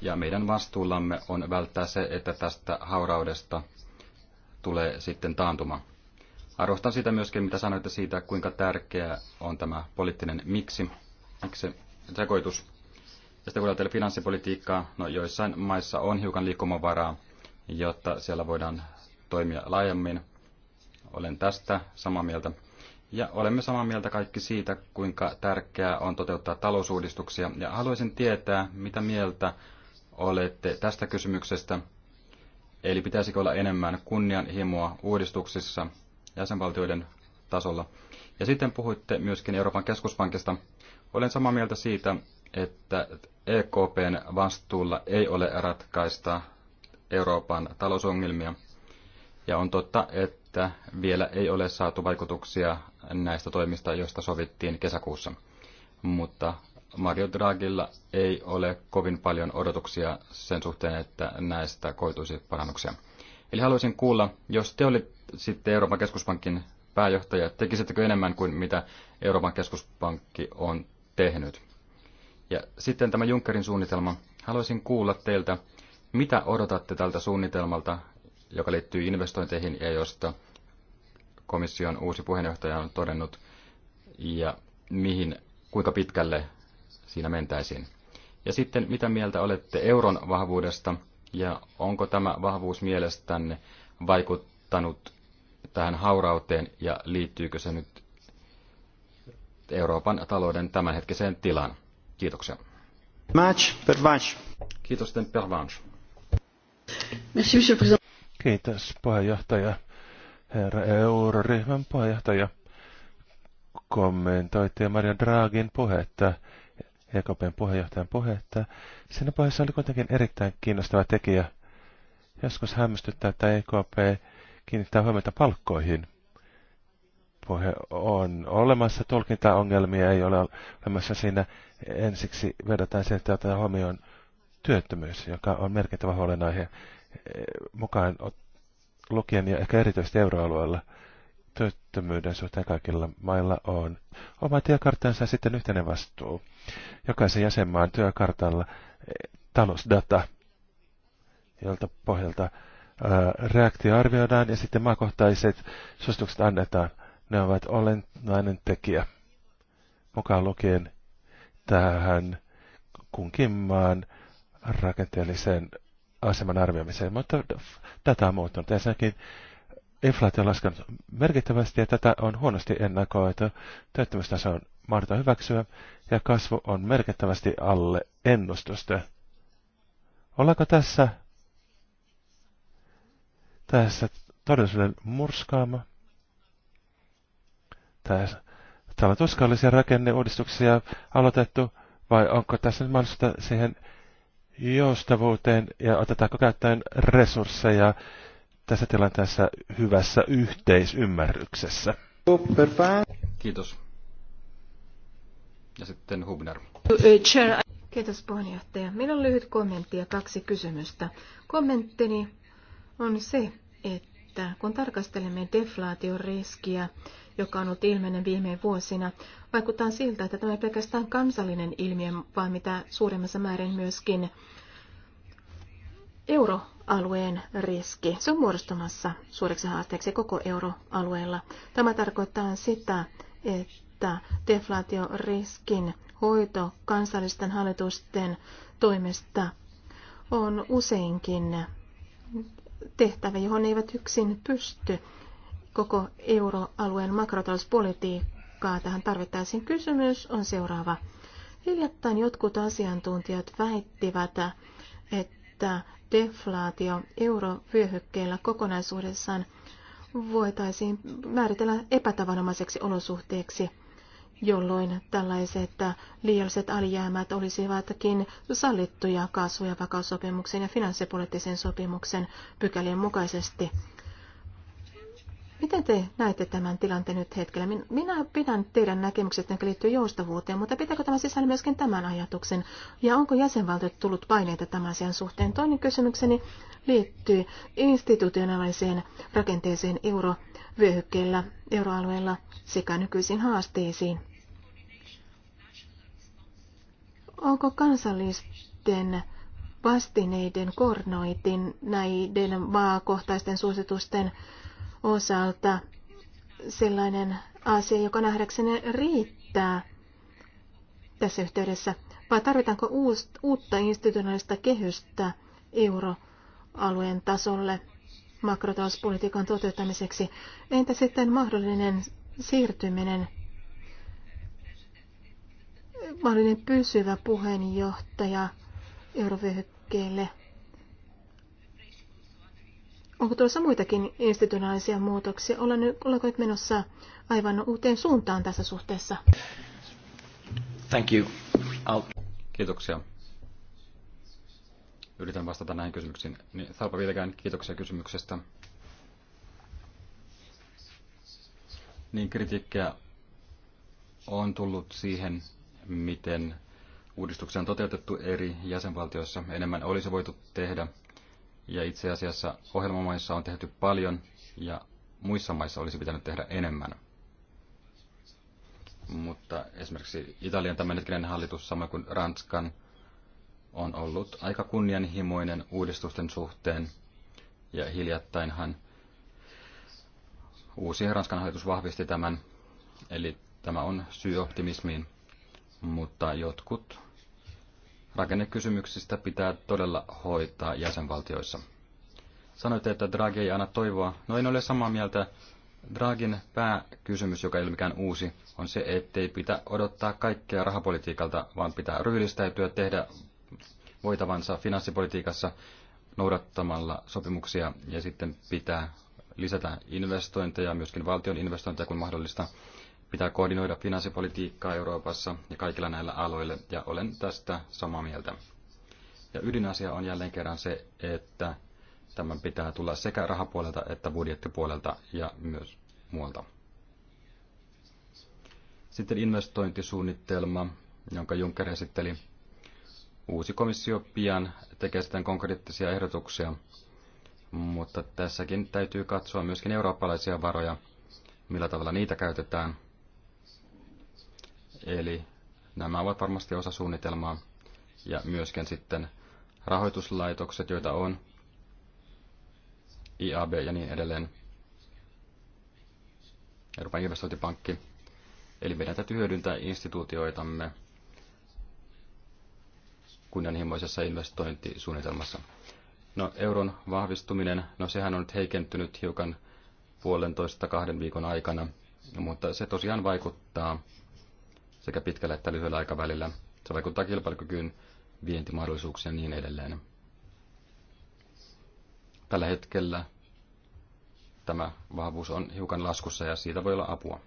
ja meidän vastuullamme on välttää se, että tästä hauraudesta tulee sitten taantuma. Arvostan sitä myöskin, mitä sanoitte siitä, kuinka tärkeä on tämä poliittinen miksi, miksi sekoitus. Ja sitten kun ajatellaan finanssipolitiikkaa, no joissain maissa on hiukan liikkumavaraa, jotta siellä voidaan toimia laajemmin olen tästä samaa mieltä. Ja olemme samaa mieltä kaikki siitä, kuinka tärkeää on toteuttaa talousuudistuksia. Ja haluaisin tietää, mitä mieltä olette tästä kysymyksestä. Eli pitäisikö olla enemmän kunnianhimoa uudistuksissa jäsenvaltioiden tasolla. Ja sitten puhuitte myöskin Euroopan keskuspankista. Olen samaa mieltä siitä, että EKPn vastuulla ei ole ratkaista Euroopan talousongelmia. Ja on totta, että että vielä ei ole saatu vaikutuksia näistä toimista, joista sovittiin kesäkuussa. Mutta Mario Dragilla ei ole kovin paljon odotuksia sen suhteen, että näistä koituisi parannuksia. Eli haluaisin kuulla, jos te olisitte Euroopan keskuspankin pääjohtaja, tekisittekö enemmän kuin mitä Euroopan keskuspankki on tehnyt? Ja sitten tämä Junckerin suunnitelma. Haluaisin kuulla teiltä, mitä odotatte tältä suunnitelmalta, joka liittyy investointeihin ja josta komission uusi puheenjohtaja on todennut ja mihin, kuinka pitkälle siinä mentäisiin. Ja sitten mitä mieltä olette euron vahvuudesta ja onko tämä vahvuus mielestänne vaikuttanut tähän haurauteen ja liittyykö se nyt Euroopan talouden tämänhetkiseen tilaan? Kiitoksia. Match, pervanche. Kiitos, pervanche. Kiitos, puheenjohtaja herra euroryhmän puheenjohtaja kommentoi Maria Dragin puhetta, EKPn puheenjohtajan puhetta. Siinä puheessa oli kuitenkin erittäin kiinnostava tekijä. Joskus hämmästyttää, että EKP kiinnittää huomiota palkkoihin. Puhe on olemassa, tulkintaongelmia ei ole olemassa siinä. Ensiksi vedotaan se, että otetaan huomioon työttömyys, joka on merkittävä huolenaihe mukaan ottaa lukien ja ehkä erityisesti euroalueella, työttömyyden suhteen kaikilla mailla on oma tiekarttansa sitten yhteinen vastuu. Jokaisen jäsenmaan työkartalla eh, talousdata, jolta pohjalta reaktio arvioidaan ja sitten maakohtaiset suositukset annetaan. Ne ovat olennainen tekijä, mukaan lukien tähän kunkin maan rakenteelliseen aseman arvioimiseen, mutta tätä on muuttunut. Ensinnäkin inflaatio on laskenut merkittävästi ja tätä on huonosti ennakoitu. Työttömyystaso on mahdoton hyväksyä ja kasvu on merkittävästi alle ennustusta. Ollaanko tässä, tässä todellisuuden murskaama? Tässä, täällä on tuskallisia rakenneuudistuksia aloitettu vai onko tässä nyt mahdollisuutta siihen joustavuuteen ja otetaanko käyttöön resursseja tässä tilanteessa hyvässä yhteisymmärryksessä. Kiitos. Ja sitten Hubner. Kiitos puheenjohtaja. Minulla on lyhyt kommentti ja kaksi kysymystä. Kommenttini on se, että kun tarkastelemme deflaation riskiä joka on ollut ilmeinen viime vuosina, vaikuttaa siltä, että tämä ei pelkästään kansallinen ilmiö, vaan mitä suuremmassa määrin myöskin euroalueen riski. Se on muodostumassa suureksi haasteeksi koko euroalueella. Tämä tarkoittaa sitä, että deflaatioriskin hoito kansallisten hallitusten toimesta on useinkin tehtävä, johon ne eivät yksin pysty koko euroalueen makrotalouspolitiikkaa tähän tarvittaisiin. Kysymys on seuraava. Hiljattain jotkut asiantuntijat väittivät, että deflaatio eurovyöhykkeellä kokonaisuudessaan voitaisiin määritellä epätavanomaiseksi olosuhteeksi, jolloin tällaiset liialliset alijäämät olisivatkin sallittuja kasvu- ja vakaussopimuksen ja finanssipoliittisen sopimuksen pykälien mukaisesti – Miten te näette tämän tilanteen nyt hetkellä? Minä pidän teidän näkemykset, jotka liittyy joustavuuteen, mutta pitääkö tämä sisällä myöskin tämän ajatuksen? Ja onko jäsenvaltiot tullut paineita tämän asian suhteen? Toinen kysymykseni liittyy institutionaaliseen rakenteeseen eurovyöhykkeellä, euroalueella sekä nykyisiin haasteisiin. Onko kansallisten vastineiden koordinoitin näiden maakohtaisten suositusten osalta sellainen asia, joka nähdäkseni riittää tässä yhteydessä? Vai tarvitaanko uutta institutionaalista kehystä euroalueen tasolle makrotalouspolitiikan toteuttamiseksi? Entä sitten mahdollinen siirtyminen, mahdollinen pysyvä puheenjohtaja eurovyöhykkeelle? Onko tuossa muitakin institutionaalisia muutoksia? Olen nyt, nyt menossa aivan uuteen suuntaan tässä suhteessa? Thank you. I'll... Kiitoksia. Yritän vastata näihin kysymyksiin. Niin, Salpa Vilkään, kiitoksia kysymyksestä. Niin kritiikkiä on tullut siihen, miten uudistuksia on toteutettu eri jäsenvaltioissa. Enemmän olisi voitu tehdä. Ja itse asiassa ohjelmamaissa on tehty paljon ja muissa maissa olisi pitänyt tehdä enemmän. Mutta esimerkiksi Italian tämänhetkinen hallitus, sama kuin Ranskan, on ollut aika kunnianhimoinen uudistusten suhteen. Ja hiljattainhan uusi Ranskan hallitus vahvisti tämän, eli tämä on syy optimismiin. Mutta jotkut Rakennekysymyksistä pitää todella hoitaa jäsenvaltioissa. Sanoitte, että Draghi ei anna toivoa. No en ole samaa mieltä. Draghin pääkysymys, joka ei ole mikään uusi, on se, ettei pitä odottaa kaikkea rahapolitiikalta, vaan pitää ryhdistäytyä, tehdä voitavansa finanssipolitiikassa noudattamalla sopimuksia ja sitten pitää lisätä investointeja, myöskin valtion investointeja kun mahdollista. Pitää koordinoida finanssipolitiikkaa Euroopassa ja kaikilla näillä aloilla, ja olen tästä samaa mieltä. Ja ydinasia on jälleen kerran se, että tämän pitää tulla sekä rahapuolelta että budjettipuolelta ja myös muualta. Sitten investointisuunnitelma, jonka Juncker esitteli. Uusi komissio pian tekee sitten konkreettisia ehdotuksia, mutta tässäkin täytyy katsoa myöskin eurooppalaisia varoja, millä tavalla niitä käytetään. Eli nämä ovat varmasti osa suunnitelmaa ja myöskin sitten rahoituslaitokset, joita on, IAB ja niin edelleen, Euroopan investointipankki. Eli meidän täytyy hyödyntää instituutioitamme kunnianhimoisessa investointisuunnitelmassa. No, euron vahvistuminen, no sehän on nyt heikentynyt hiukan puolentoista kahden viikon aikana, mutta se tosiaan vaikuttaa sekä pitkällä että lyhyellä aikavälillä. Se vaikuttaa kilpailukykyyn, vientimahdollisuuksiin ja niin edelleen. Tällä hetkellä tämä vahvuus on hiukan laskussa ja siitä voi olla apua.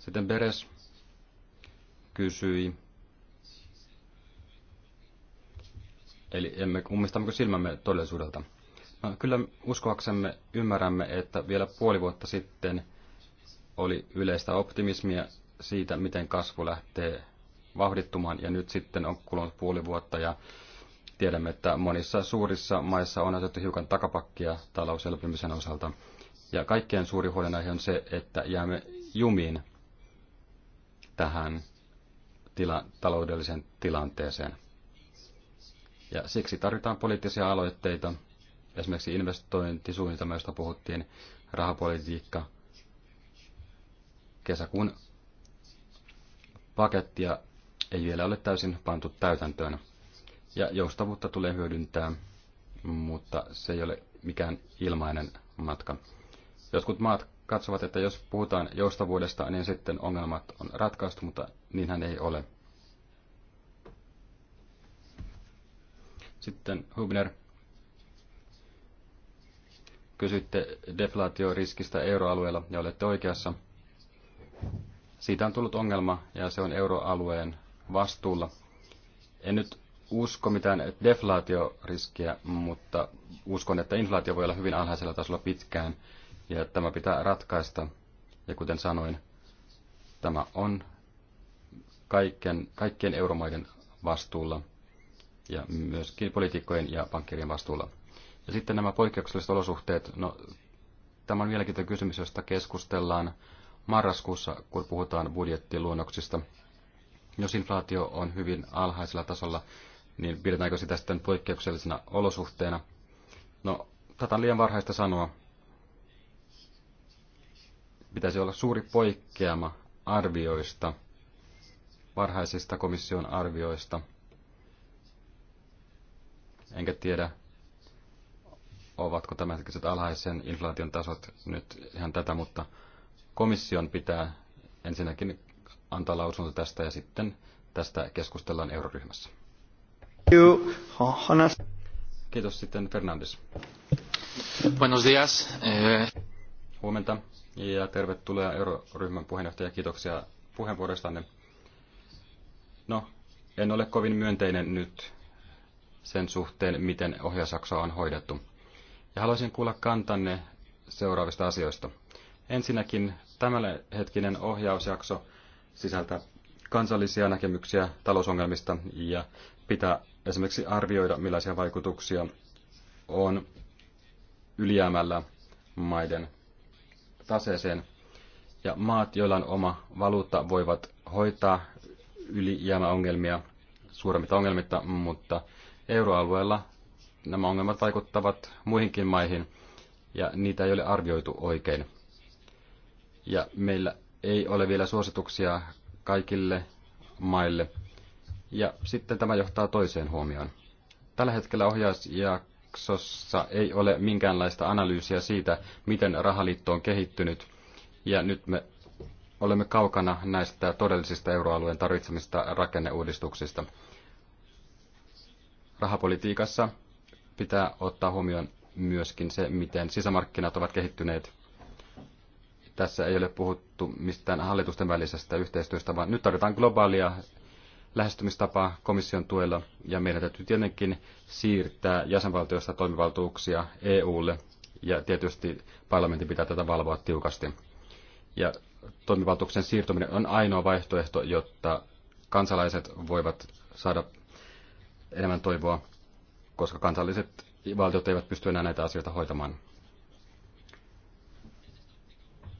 Sitten Beres kysyi, eli emme ummistammeko silmämme todellisuudelta. No, kyllä uskoaksemme ymmärrämme, että vielä puoli vuotta sitten oli yleistä optimismia siitä, miten kasvu lähtee vauhdittumaan ja nyt sitten on kulunut puoli vuotta ja tiedämme, että monissa suurissa maissa on otettu hiukan takapakkia talouselpymisen osalta. Ja kaikkein suuri huolenaihe on se, että jäämme jumiin tähän tila- taloudelliseen tilanteeseen. Ja siksi tarvitaan poliittisia aloitteita, esimerkiksi investointisuunnitelma, josta puhuttiin, rahapolitiikka. Kesäkuun pakettia ei vielä ole täysin pantu täytäntöön. Ja joustavuutta tulee hyödyntää, mutta se ei ole mikään ilmainen matka. Jotkut maat katsovat, että jos puhutaan joustavuudesta, niin sitten ongelmat on ratkaistu, mutta niinhän ei ole. Sitten Hubner, Kysytte deflaatioriskistä euroalueella ja olette oikeassa. Siitä on tullut ongelma ja se on euroalueen vastuulla. En nyt usko mitään deflaatioriskiä, mutta uskon, että inflaatio voi olla hyvin alhaisella tasolla pitkään ja tämä pitää ratkaista. Ja kuten sanoin, tämä on kaiken, kaikkien euromaiden vastuulla ja myöskin poliitikkojen ja pankkirien vastuulla. Ja sitten nämä poikkeukselliset olosuhteet, no tämä on mielenkiintoinen kysymys, josta keskustellaan marraskuussa, kun puhutaan budjettiluonnoksista. Jos inflaatio on hyvin alhaisella tasolla, niin pidetäänkö sitä sitten poikkeuksellisena olosuhteena? No, tätä on liian varhaista sanoa. Pitäisi olla suuri poikkeama arvioista, varhaisista komission arvioista. Enkä tiedä, ovatko tämänhetkiset alhaisen inflaation tasot nyt ihan tätä, mutta komission pitää ensinnäkin antaa lausunto tästä ja sitten tästä keskustellaan euroryhmässä. Kiitos sitten Fernandes. Buenos días. Huomenta ja tervetuloa euroryhmän puheenjohtaja. Kiitoksia puheenvuorostanne. No, en ole kovin myönteinen nyt sen suhteen, miten ohjasaksoa on hoidettu. Ja haluaisin kuulla kantanne seuraavista asioista – Ensinnäkin tämänhetkinen ohjausjakso sisältää kansallisia näkemyksiä talousongelmista ja pitää esimerkiksi arvioida, millaisia vaikutuksia on ylijäämällä maiden taseeseen. Ja maat, joilla on oma valuutta, voivat hoitaa ylijäämäongelmia suuremmitta ongelmitta, mutta euroalueella nämä ongelmat vaikuttavat muihinkin maihin ja niitä ei ole arvioitu oikein ja meillä ei ole vielä suosituksia kaikille maille. Ja sitten tämä johtaa toiseen huomioon. Tällä hetkellä ohjausjaksossa ei ole minkäänlaista analyysiä siitä, miten rahaliitto on kehittynyt, ja nyt me olemme kaukana näistä todellisista euroalueen tarvitsemista rakenneuudistuksista. Rahapolitiikassa pitää ottaa huomioon myöskin se, miten sisämarkkinat ovat kehittyneet tässä ei ole puhuttu mistään hallitusten välisestä yhteistyöstä, vaan nyt tarvitaan globaalia lähestymistapaa komission tuella, ja meidän täytyy tietenkin siirtää jäsenvaltioista toimivaltuuksia EUlle, ja tietysti parlamentin pitää tätä valvoa tiukasti. Ja toimivaltuuksien siirtyminen on ainoa vaihtoehto, jotta kansalaiset voivat saada enemmän toivoa, koska kansalliset valtiot eivät pysty enää näitä asioita hoitamaan.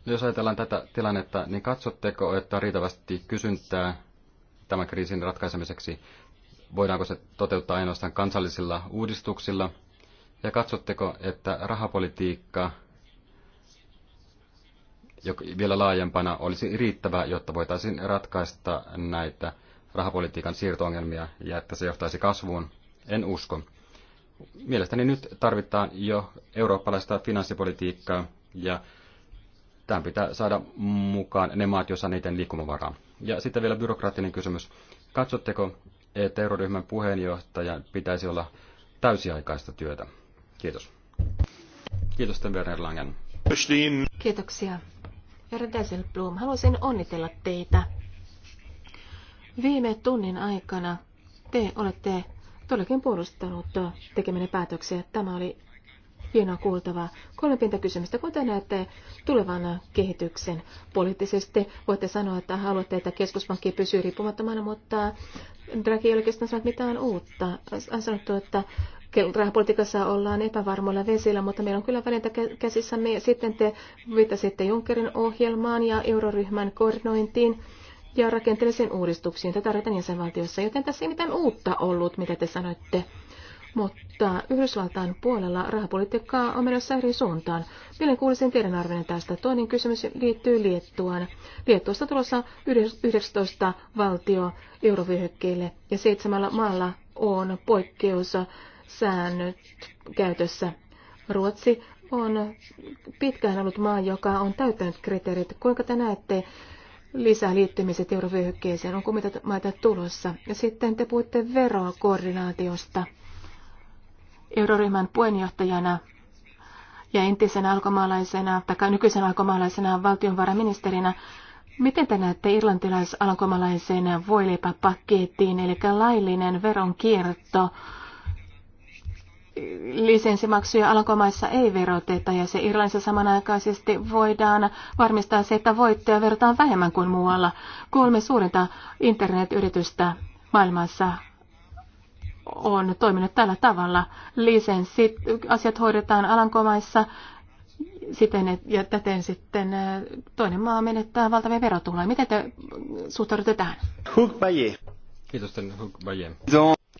Jos ajatellaan tätä tilannetta, niin katsotteko, että on riittävästi kysyntää tämän kriisin ratkaisemiseksi? Voidaanko se toteuttaa ainoastaan kansallisilla uudistuksilla? Ja katsotteko, että rahapolitiikka joka vielä laajempana olisi riittävä, jotta voitaisiin ratkaista näitä rahapolitiikan siirtoongelmia ja että se johtaisi kasvuun? En usko. Mielestäni nyt tarvitaan jo eurooppalaista finanssipolitiikkaa ja Tähän pitää saada mukaan ne maat, joissa niiden liikkumavaraa. Ja sitten vielä byrokraattinen kysymys. Katsotteko, että euroryhmän puheenjohtajan pitäisi olla täysiaikaista työtä? Kiitos. Kiitos, Werner Langen. Kiitoksia. Herra Dasselblom, haluaisin onnitella teitä. Viime tunnin aikana te olette todellakin puolustanut tekeminen päätöksiä. Tämä oli hienoa kuultavaa. Kolme pientä kysymystä. Kuten näette tulevan kehityksen poliittisesti, voitte sanoa, että haluatte, että keskuspankki pysyy riippumattomana, mutta Draghi ei oikeastaan sanonut mitään uutta. Hän sanottu, että rahapolitiikassa ollaan epävarmoilla vesillä, mutta meillä on kyllä välintä käsissämme. Sitten te viittasitte Junckerin ohjelmaan ja euroryhmän koordinointiin ja rakenteellisiin uudistuksiin, Tätä tarvitaan jäsenvaltiossa, joten tässä ei mitään uutta ollut, mitä te sanoitte mutta Yhdysvaltain puolella rahapolitiikkaa on menossa eri suuntaan. Mielen kuulisin teidän arvioinnin tästä? Toinen kysymys liittyy Liettuaan. Liettuosta tulossa 19 valtio eurovyöhykkeille ja seitsemällä maalla on poikkeussäännöt käytössä. Ruotsi on pitkään ollut maa, joka on täyttänyt kriteerit. Kuinka te näette lisää liittymiset eurovyöhykkeeseen? Onko mitä maita tulossa? Ja sitten te puhutte verokoordinaatiosta euroryhmän puheenjohtajana ja entisenä alkomaalaisena, tai nykyisen alkomaalaisena valtionvarainministerinä, miten te näette irlantilais-alkomalaisen voileipäpakettiin, eli laillinen veronkierto, lisenssimaksuja alkomaissa ei veroteta ja se Irlannissa samanaikaisesti voidaan varmistaa se, että voittoja verotaan vähemmän kuin muualla. Kolme suurinta internetyritystä maailmassa on toiminut tällä tavalla. Lisenssit, asiat hoidetaan Alankomaissa siten, ja täten sitten toinen maa menettää valtavia verotuloja. Miten te suhtaudutte tähän? Kiitos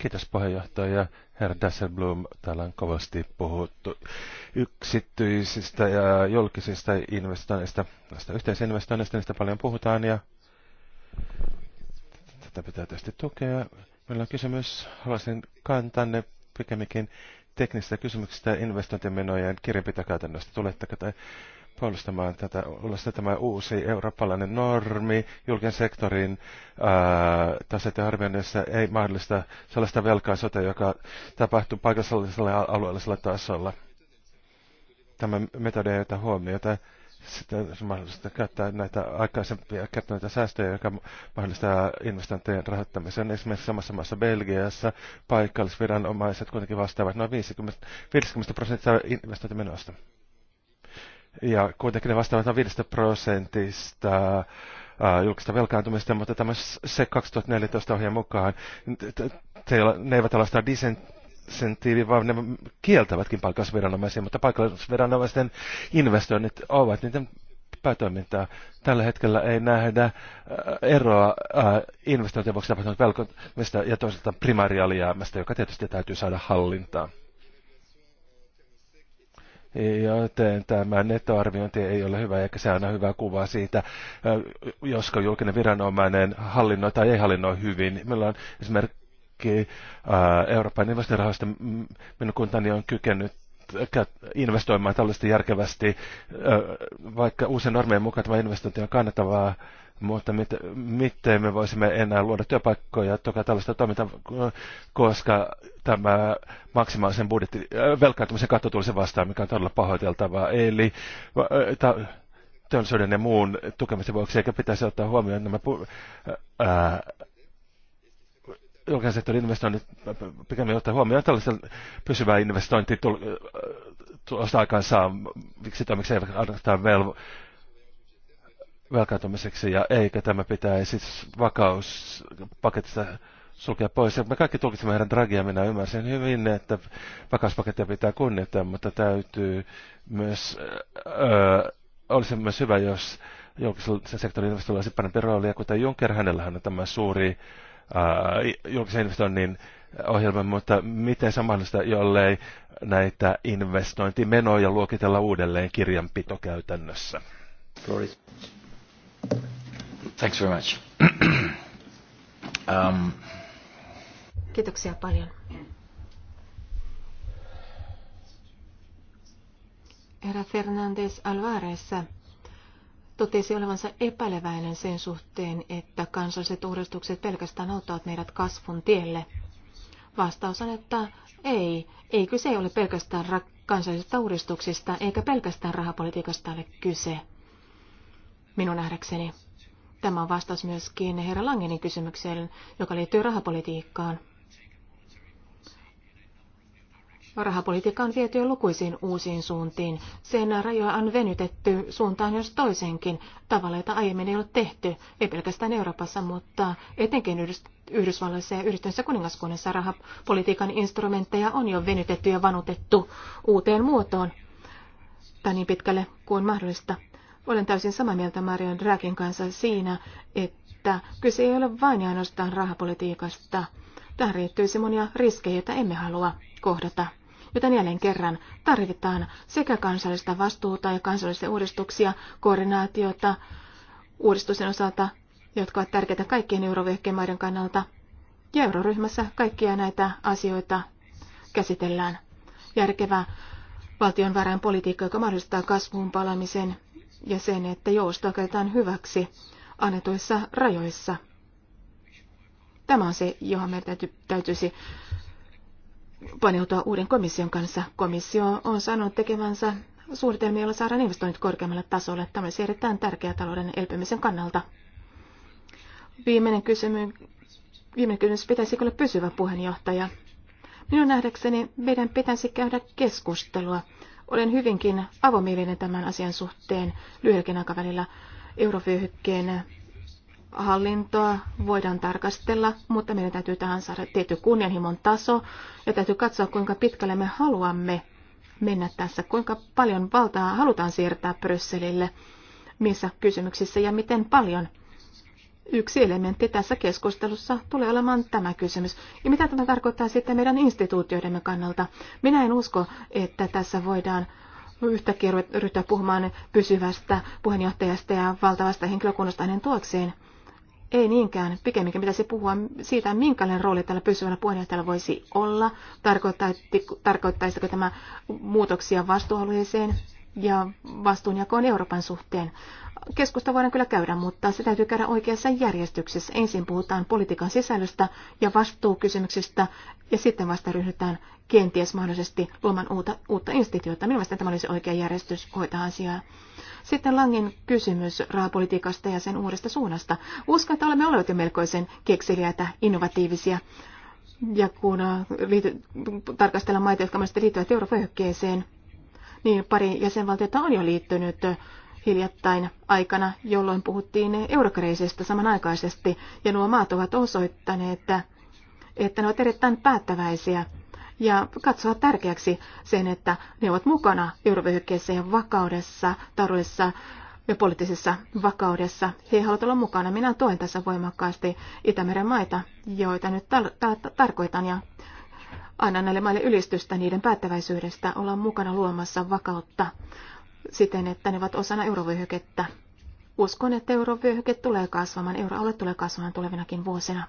Kiitos puheenjohtaja. Herra Dasselblom, täällä on kovasti puhuttu yksityisistä ja julkisista investoinneista, näistä yhteisinvestoinneista, niistä paljon puhutaan ja tätä pitää tietysti tukea. Meillä on kysymys, haluaisin kantanne pikemminkin teknisistä kysymyksistä investointimenojen kirjanpitokäytännöstä. Tuletteko te puolustamaan tätä, olisiko tämä uusi eurooppalainen normi julkisen sektorin taseiden arvioinnissa ei mahdollista sellaista velkaa joka tapahtuu paikallisella alueellisella tasolla. Tämä metodi ei ota huomiota sitten mahdollista käyttää näitä aikaisempia kertoneita säästöjä, jotka mahdollistaa investointien rahoittamisen. Esimerkiksi samassa maassa Belgiassa paikallisviranomaiset kuitenkin vastaavat noin 50, 50 prosenttia investointimenoista. Ja kuitenkin ne vastaavat noin 5 prosentista äh, julkista velkaantumista, mutta tämä se 2014 ohjeen mukaan, ne eivät ole sitä insentiivi, vaan ne kieltävätkin paikallisviranomaisia, mutta paikallisviranomaisten investoinnit ovat niiden päätoimintaa. Tällä hetkellä ei nähdä äh, eroa äh, investointien vuoksi tapahtunut velkomista ja toisaalta primaarialijäämästä, joka tietysti täytyy saada hallintaan. Joten tämä nettoarviointi ei ole hyvä, eikä se aina hyvä kuva siitä, äh, josko julkinen viranomainen hallinnoi tai ei hallinnoi hyvin. Meillä on esimerkiksi kaikki Euroopan investointirahoista minun kuntani on kykennyt investoimaan tällaista järkevästi, vaikka uusien normien mukaan tämä investointi on kannattavaa, mutta mit, miten me voisimme enää luoda työpaikkoja, toki tällaista toimintaa, koska tämä maksimaalisen budjetti, velkaantumisen katto tulisi vastaan, mikä on todella pahoiteltavaa. Eli ta, ja muun tukemisen vuoksi, eikä pitäisi ottaa huomioon nämä ää, julkisen sektorin investoinnit pikemmin ottaa huomioon tällaisen pysyvää investointi tuosta äh, aikaansaaviksi miksi ei ainoastaan vel, velkaantumiseksi ja eikä tämä pitäisi siis vakauspaketista sulkea pois. Ja me kaikki tulkitsemme heidän dragia, minä ymmärsin hyvin, että vakauspakettia pitää kunnioittaa, mutta täytyy myös, öö, olisi myös hyvä, jos julkisen sektorin investoinnilla olisi parempi rooli, ja kuten Juncker, hänellähän on tämä suuri öö, Äh, julkisen investoinnin ohjelman, mutta miten samanlaista, jollei näitä investointimenoja luokitella uudelleen kirjanpitokäytännössä? Floris. Thanks very much. um. Kiitoksia paljon. Herra Fernandez Alvarez totesi olevansa epäileväinen sen suhteen, että kansalliset uudistukset pelkästään auttavat meidät kasvun tielle. Vastaus on, että ei. Ei kyse ole pelkästään ra- kansallisista uudistuksista, eikä pelkästään rahapolitiikasta ole kyse. Minun nähdäkseni. Tämä on vastaus myöskin herra Langenin kysymykseen, joka liittyy rahapolitiikkaan. Rahapolitiikka on viety jo lukuisiin uusiin suuntiin. Sen rajoja on venytetty suuntaan jos toisenkin tavalla, jota aiemmin ei ole tehty, ei pelkästään Euroopassa, mutta etenkin Yhdysvalloissa ja yhdistyneessä kuningaskunnassa rahapolitiikan instrumentteja on jo venytetty ja vanutettu uuteen muotoon tai niin pitkälle kuin mahdollista. Olen täysin samaa mieltä Mario Dragin kanssa siinä, että kyse ei ole vain ja ainoastaan rahapolitiikasta. Tähän riittyisi monia riskejä, joita emme halua kohdata joten jälleen kerran tarvitaan sekä kansallista vastuuta ja kansallisia uudistuksia, koordinaatiota uudistusten osalta, jotka ovat tärkeitä kaikkien eurovyöhykkeen maiden kannalta. Ja euroryhmässä kaikkia näitä asioita käsitellään. Järkevä politiikka, joka mahdollistaa kasvuun palamisen ja sen, että joustoa käytetään hyväksi annetuissa rajoissa. Tämä on se, johon meidän täytyisi paneutua uuden komission kanssa. Komissio on sanonut tekevänsä suunnitelmia, joilla saadaan investoinnit korkeammalle tasolle. Tämä olisi erittäin tärkeä talouden elpymisen kannalta. Viimeinen kysymys, viimeinen kysymys pitäisi olla pysyvä puheenjohtaja? Minun nähdäkseni meidän pitäisi käydä keskustelua. Olen hyvinkin avomielinen tämän asian suhteen lyhyelläkin aikavälillä eurovyöhykkeen hallintoa voidaan tarkastella, mutta meidän täytyy tähän saada tietty kunnianhimon taso ja täytyy katsoa, kuinka pitkälle me haluamme mennä tässä, kuinka paljon valtaa halutaan siirtää Brysselille, missä kysymyksissä ja miten paljon. Yksi elementti tässä keskustelussa tulee olemaan tämä kysymys. Ja mitä tämä tarkoittaa sitten meidän instituutioidemme kannalta? Minä en usko, että tässä voidaan yhtäkkiä ryhtyä puhumaan pysyvästä puheenjohtajasta ja valtavasta henkilökunnasta hänen tuokseen. Ei niinkään. Pikemminkin pitäisi puhua siitä, minkälainen rooli tällä pysyvällä puheenjohtajalla voisi olla. Tarkoittaisiko tämä muutoksia vastuualueeseen ja vastuunjakoon Euroopan suhteen? Keskusta voidaan kyllä käydä, mutta se täytyy käydä oikeassa järjestyksessä. Ensin puhutaan politiikan sisällöstä ja vastuukysymyksistä ja sitten vasta ryhdytään kenties mahdollisesti luomaan uutta, uutta instituutta. Minun mielestäni tämä olisi oikea järjestys hoitaa asiaa. Sitten Langin kysymys rahapolitiikasta ja sen uudesta suunnasta. Uskon, että olemme olleet jo melkoisen kekseliäitä, innovatiivisia. Ja kun äh, liity, tarkastellaan maita, jotka myös liittyvät eurovyöhykkeeseen, niin pari jäsenvaltiota on jo liittynyt äh, hiljattain aikana, jolloin puhuttiin eurokriisistä samanaikaisesti. Ja nuo maat ovat osoittaneet, että, että ne ovat erittäin päättäväisiä ja katsoa tärkeäksi sen, että ne ovat mukana eurovyöhykkeessä ja vakaudessa, taruissa ja poliittisessa vakaudessa. He haluavat olla mukana. Minä tuen tässä voimakkaasti Itämeren maita, joita nyt tar- tar- tarkoitan ja annan näille maille ylistystä niiden päättäväisyydestä olla mukana luomassa vakautta siten, että ne ovat osana eurovyöhykettä. Uskon, että eurovyöhyke tulee kasvamaan, euroalue tulee kasvamaan tulevinakin vuosina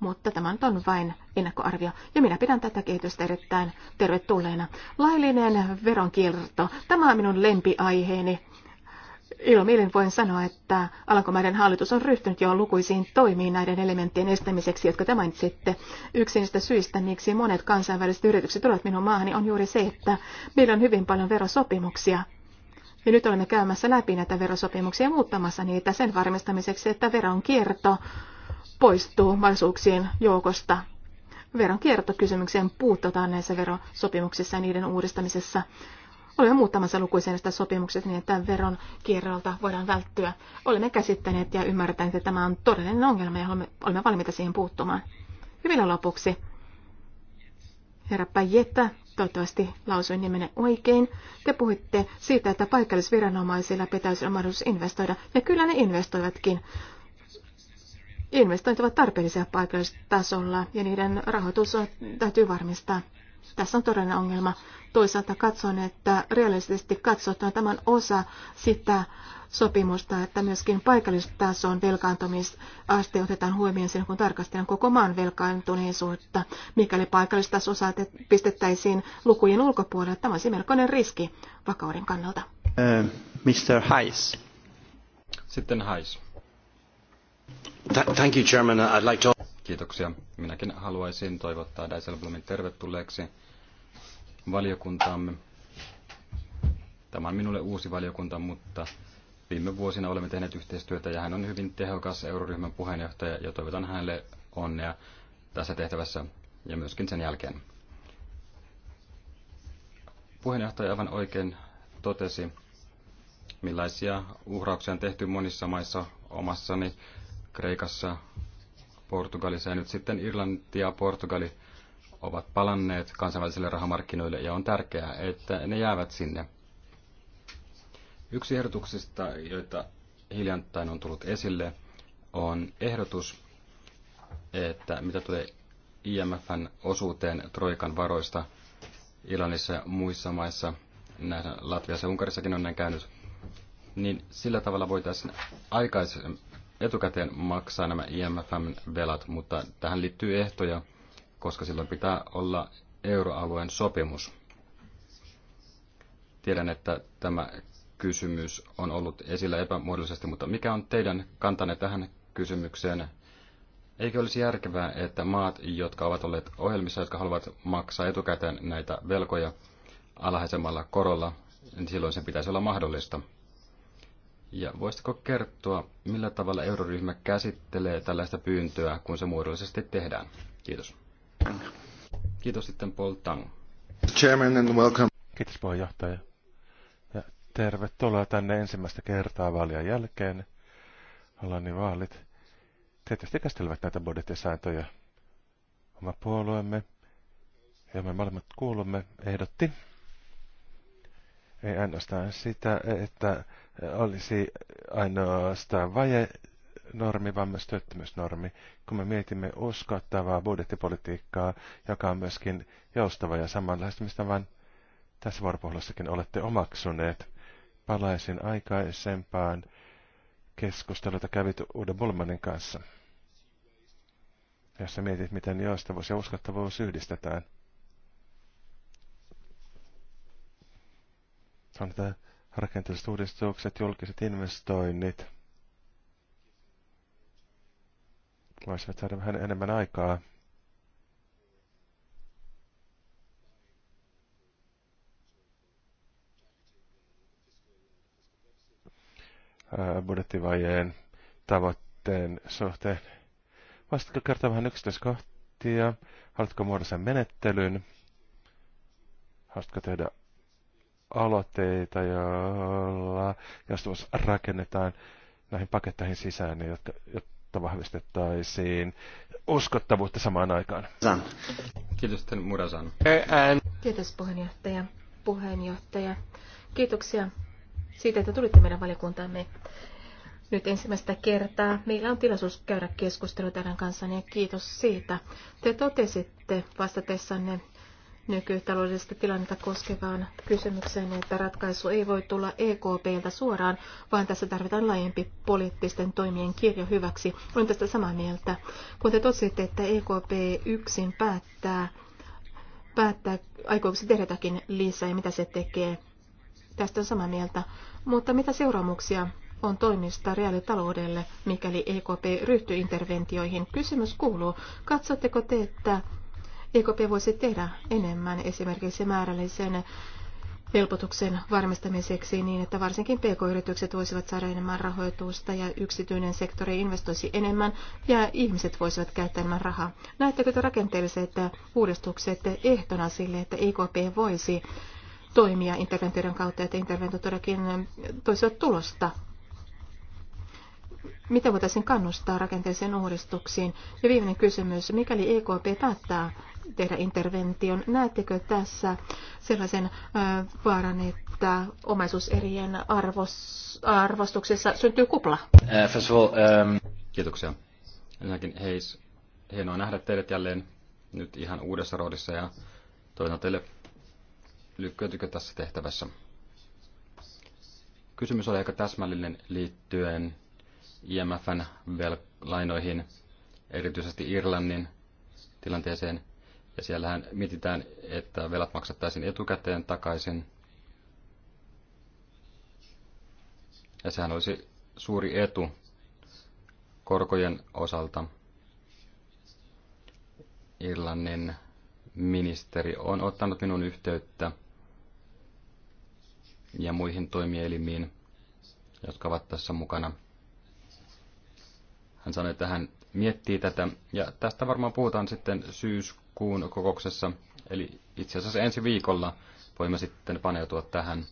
mutta tämä on vain ennakkoarvio, ja minä pidän tätä kehitystä erittäin tervetulleena. Laillinen veronkierto, tämä on minun lempiaiheeni. Ilomielin voin sanoa, että Alankomaiden hallitus on ryhtynyt jo lukuisiin toimiin näiden elementtien estämiseksi, jotka te mainitsitte. Yksi niistä syistä, miksi monet kansainväliset yritykset tulevat minun maahani, on juuri se, että meillä on hyvin paljon verosopimuksia. Ja nyt olemme käymässä läpi näitä verosopimuksia ja muuttamassa niitä sen varmistamiseksi, että veronkierto kierto poistuu mahdollisuuksien joukosta. Veronkiertokysymykseen puuttotaan näissä verosopimuksissa ja niiden uudistamisessa. Olemme muuttamassa lukuisen näistä sopimuksista niin, että veron kierrolta voidaan välttyä. Olemme käsittäneet ja ymmärtäneet, että tämä on todellinen ongelma ja olemme valmiita siihen puuttumaan. Hyvillä lopuksi. Herra Pajetta, toivottavasti lausuin nimenne oikein. Te puhuitte siitä, että paikallisviranomaisilla pitäisi olla mahdollisuus investoida, ja kyllä ne investoivatkin. Investoinnit ovat tarpeellisia paikallistasolla ja niiden rahoitus on, täytyy varmistaa. Tässä on todellinen ongelma. Toisaalta katson, että realistisesti katsotaan tämän osa sitä sopimusta, että myöskin paikallistason velkaantumisaste otetaan huomioon sen, kun tarkastellaan koko maan velkaantuneisuutta. Mikäli paikallistaso pistettäisiin lukujen ulkopuolelle, tämä olisi melkoinen riski vakauden kannalta. Uh, äh, Mr. Heiss. Sitten Heiss. Thank you, Chairman. Uh, I'd like to... Kiitoksia. Minäkin haluaisin toivottaa Dijsselbloemin tervetulleeksi valiokuntaamme. Tämä on minulle uusi valiokunta, mutta viime vuosina olemme tehneet yhteistyötä ja hän on hyvin tehokas euroryhmän puheenjohtaja ja toivotan hänelle onnea tässä tehtävässä ja myöskin sen jälkeen. Puheenjohtaja aivan oikein totesi, millaisia uhrauksia on tehty monissa maissa omassani Kreikassa, Portugalissa ja nyt sitten Irlanti ja Portugali ovat palanneet kansainvälisille rahamarkkinoille ja on tärkeää, että ne jäävät sinne. Yksi ehdotuksista, joita hiljattain on tullut esille, on ehdotus, että mitä tulee IMFn osuuteen Troikan varoista Irlannissa ja muissa maissa, näissä Latviassa ja Unkarissakin on näin käynyt, niin sillä tavalla voitaisiin aikaisemmin etukäteen maksaa nämä imf velat, mutta tähän liittyy ehtoja, koska silloin pitää olla euroalueen sopimus. Tiedän, että tämä kysymys on ollut esillä epämuodollisesti, mutta mikä on teidän kantanne tähän kysymykseen? Eikö olisi järkevää, että maat, jotka ovat olleet ohjelmissa, jotka haluavat maksaa etukäteen näitä velkoja alhaisemmalla korolla, niin silloin sen pitäisi olla mahdollista. Ja voisitko kertoa, millä tavalla euroryhmä käsittelee tällaista pyyntöä, kun se muodollisesti tehdään? Kiitos. Kiitos sitten Paul Tang. Chairman and welcome. Kiitos puheenjohtaja. Ja tervetuloa tänne ensimmäistä kertaa vaalien jälkeen. hollannin vaalit tietysti käsittelevät näitä budjettisääntöjä. Oma puolueemme, ja me molemmat kuulumme, ehdotti ei ainoastaan sitä, että olisi ainoastaan vaje normi, vaan myös työttömyysnormi, kun me mietimme uskottavaa budjettipolitiikkaa, joka on myöskin joustava ja samanlaista, mistä vain tässä vuoropuhelussakin olette omaksuneet. Palaisin aikaisempaan keskusteluta kävit Uuden Bulmanin kanssa, jossa mietit, miten joustavuus ja uskottavuus yhdistetään. On tämä rakenteelliset uudistukset, julkiset investoinnit voisivat saada vähän enemmän aikaa. budjettivajeen tavoitteen suhteen. Voisitko kertoa vähän yksityiskohtia? Haluatko muodostaa menettelyn? Haluatko tehdä aloitteita, joilla jastumus rakennetaan näihin paketteihin sisään, niin jotka, jotta vahvistettaisiin uskottavuutta samaan aikaan. Kiitos, Murasan. Kiitos, puheenjohtaja. puheenjohtaja. Kiitoksia siitä, että tulitte meidän valiokuntaamme nyt ensimmäistä kertaa. Meillä on tilaisuus käydä keskustelua teidän kanssanne ja kiitos siitä. Te totesitte vastatessanne nykytaloudellista tilannetta koskevaan kysymykseen, niin että ratkaisu ei voi tulla EKPltä suoraan, vaan tässä tarvitaan laajempi poliittisten toimien kirjo hyväksi. Olen tästä samaa mieltä. Kun te totesitte, että EKP yksin päättää, päättää aikooko se tehdä jotakin lisää ja mitä se tekee, tästä on samaa mieltä. Mutta mitä seuraamuksia on toimista reaalitaloudelle, mikäli EKP ryhtyy interventioihin. Kysymys kuuluu, katsotteko te, että EKP voisi tehdä enemmän esimerkiksi määrällisen helpotuksen varmistamiseksi niin, että varsinkin pk-yritykset voisivat saada enemmän rahoitusta ja yksityinen sektori investoisi enemmän ja ihmiset voisivat käyttää enemmän rahaa. Näettekö te rakenteelliset uudistukset ehtona sille, että EKP voisi toimia interventioiden kautta, että interventio todellakin toisivat tulosta Miten voitaisiin kannustaa rakenteeseen uudistuksiin? Ja viimeinen kysymys, mikäli EKP päättää tehdä intervention, näettekö tässä sellaisen vaaran, että omaisuuserien arvos, arvostuksessa syntyy kupla? Äh, ähm, Kiitoksia. Ensinnäkin heis, hienoa nähdä teidät jälleen nyt ihan uudessa roolissa ja toivotan teille lykkyytykö tässä tehtävässä. Kysymys oli aika täsmällinen liittyen IMFn lainoihin, erityisesti Irlannin tilanteeseen. Ja siellähän mietitään, että velat maksattaisiin etukäteen takaisin. Ja sehän olisi suuri etu korkojen osalta. Irlannin ministeri on ottanut minun yhteyttä ja muihin toimielimiin, jotka ovat tässä mukana. Hän sanoi, että hän miettii tätä. Ja tästä varmaan puhutaan sitten syyskuun kokouksessa. Eli itse asiassa ensi viikolla voimme sitten paneutua tähän.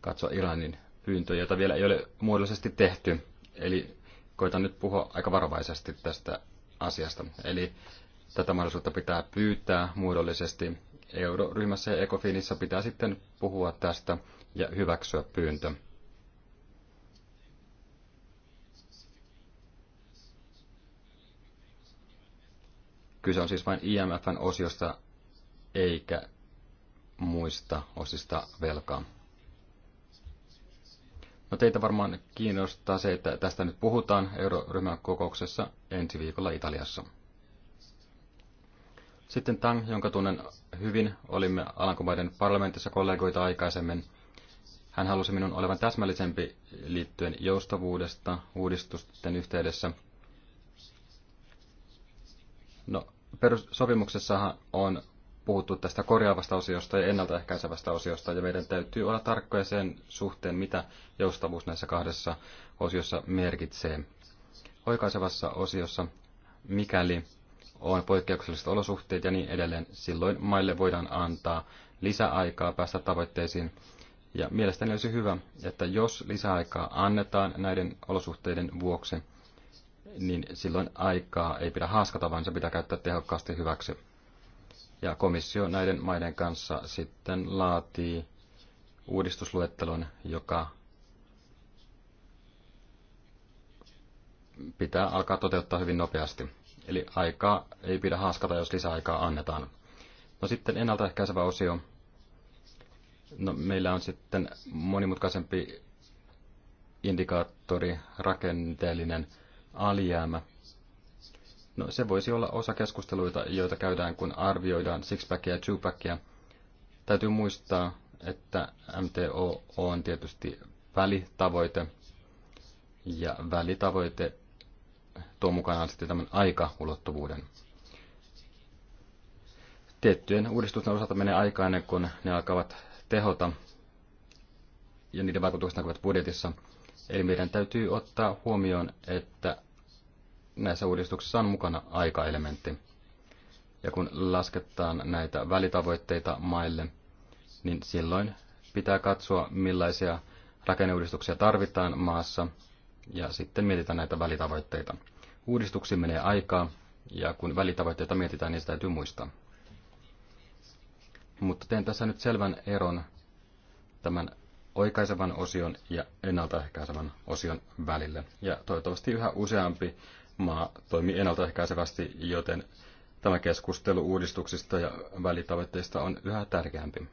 Katsoa Iranin pyyntöjä, jota vielä ei ole muodollisesti tehty. Eli koitan nyt puhua aika varovaisesti tästä asiasta. Eli tätä mahdollisuutta pitää pyytää muodollisesti. Euroryhmässä ja Ecofinissa pitää sitten puhua tästä ja hyväksyä pyyntö. Kyse on siis vain IMFn osiosta eikä muista osista velkaa. No teitä varmaan kiinnostaa se, että tästä nyt puhutaan euroryhmän kokouksessa ensi viikolla Italiassa. Sitten Tang, jonka tunnen hyvin, olimme Alankomaiden parlamentissa kollegoita aikaisemmin. Hän halusi minun olevan täsmällisempi liittyen joustavuudesta uudistusten yhteydessä. No, perussopimuksessahan on puhuttu tästä korjaavasta osiosta ja ennaltaehkäisevästä osiosta, ja meidän täytyy olla tarkkoja sen suhteen, mitä joustavuus näissä kahdessa osiossa merkitsee. Oikaisevassa osiossa, mikäli on poikkeukselliset olosuhteet ja niin edelleen, silloin maille voidaan antaa lisäaikaa päästä tavoitteisiin. Ja mielestäni olisi hyvä, että jos lisäaikaa annetaan näiden olosuhteiden vuoksi, niin silloin aikaa ei pidä haaskata, vaan se pitää käyttää tehokkaasti hyväksi. Ja komissio näiden maiden kanssa sitten laatii uudistusluettelon, joka pitää alkaa toteuttaa hyvin nopeasti. Eli aikaa ei pidä haaskata, jos lisäaikaa annetaan. No sitten ennaltaehkäisevä osio. No, meillä on sitten monimutkaisempi indikaattori, rakenteellinen alijäämä. No se voisi olla osa keskusteluita, joita käydään, kun arvioidaan sixpackia ja twopackia. Täytyy muistaa, että MTO on tietysti välitavoite, ja välitavoite tuo mukanaan sitten tämän aikaulottuvuuden. Tiettyjen uudistusten osalta menee aikaa ennen kuin ne alkavat tehota, ja niiden vaikutukset näkyvät budjetissa – Eli meidän täytyy ottaa huomioon, että näissä uudistuksissa on mukana aikaelementti. Ja kun lasketaan näitä välitavoitteita maille, niin silloin pitää katsoa, millaisia rakenneuudistuksia tarvitaan maassa, ja sitten mietitään näitä välitavoitteita. Uudistuksiin menee aikaa, ja kun välitavoitteita mietitään, niin sitä täytyy muistaa. Mutta teen tässä nyt selvän eron tämän oikaisevan osion ja ennaltaehkäisevän osion välille. Ja toivottavasti yhä useampi maa toimii ennaltaehkäisevästi, joten tämä keskustelu uudistuksista ja välitavoitteista on yhä tärkeämpi.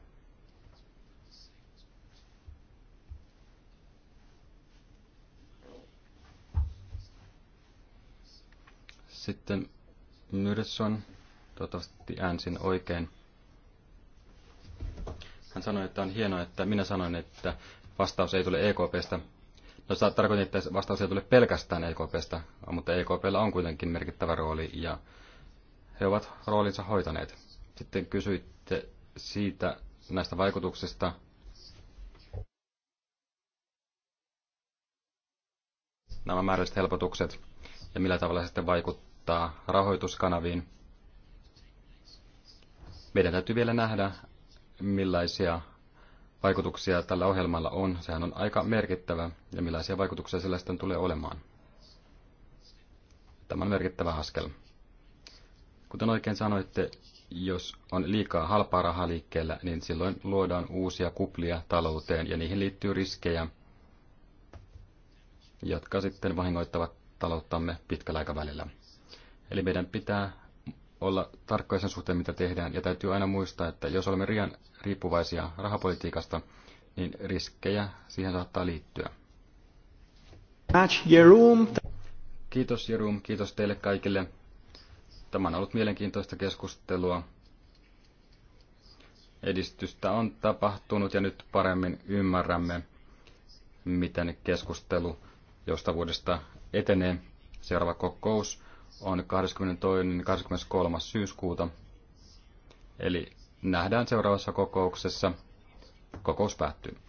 Sitten Myrsson, toivottavasti äänsin oikein. Hän sanoi, että on hienoa, että minä sanoin, että vastaus ei tule EKPstä. No tarkoitin, että vastaus ei tule pelkästään EKPstä, mutta EKPllä on kuitenkin merkittävä rooli ja he ovat roolinsa hoitaneet. Sitten kysyitte siitä näistä vaikutuksista. Nämä määrälliset helpotukset ja millä tavalla se sitten vaikuttaa rahoituskanaviin. Meidän täytyy vielä nähdä, millaisia vaikutuksia tällä ohjelmalla on. Sehän on aika merkittävä ja millaisia vaikutuksia sillä sitten tulee olemaan. Tämä on merkittävä askel. Kuten oikein sanoitte, jos on liikaa halpaa rahaa liikkeellä, niin silloin luodaan uusia kuplia talouteen ja niihin liittyy riskejä, jotka sitten vahingoittavat talouttamme pitkällä aikavälillä. Eli meidän pitää olla tarkkoja sen suhteen, mitä tehdään, ja täytyy aina muistaa, että jos olemme riian riippuvaisia rahapolitiikasta, niin riskejä siihen saattaa liittyä. Kiitos Jerum, kiitos teille kaikille. Tämä on ollut mielenkiintoista keskustelua. Edistystä on tapahtunut ja nyt paremmin ymmärrämme, miten keskustelu josta vuodesta etenee. Seuraava kokous on 22.–23. syyskuuta. Eli nähdään seuraavassa kokouksessa. Kokous päättyy.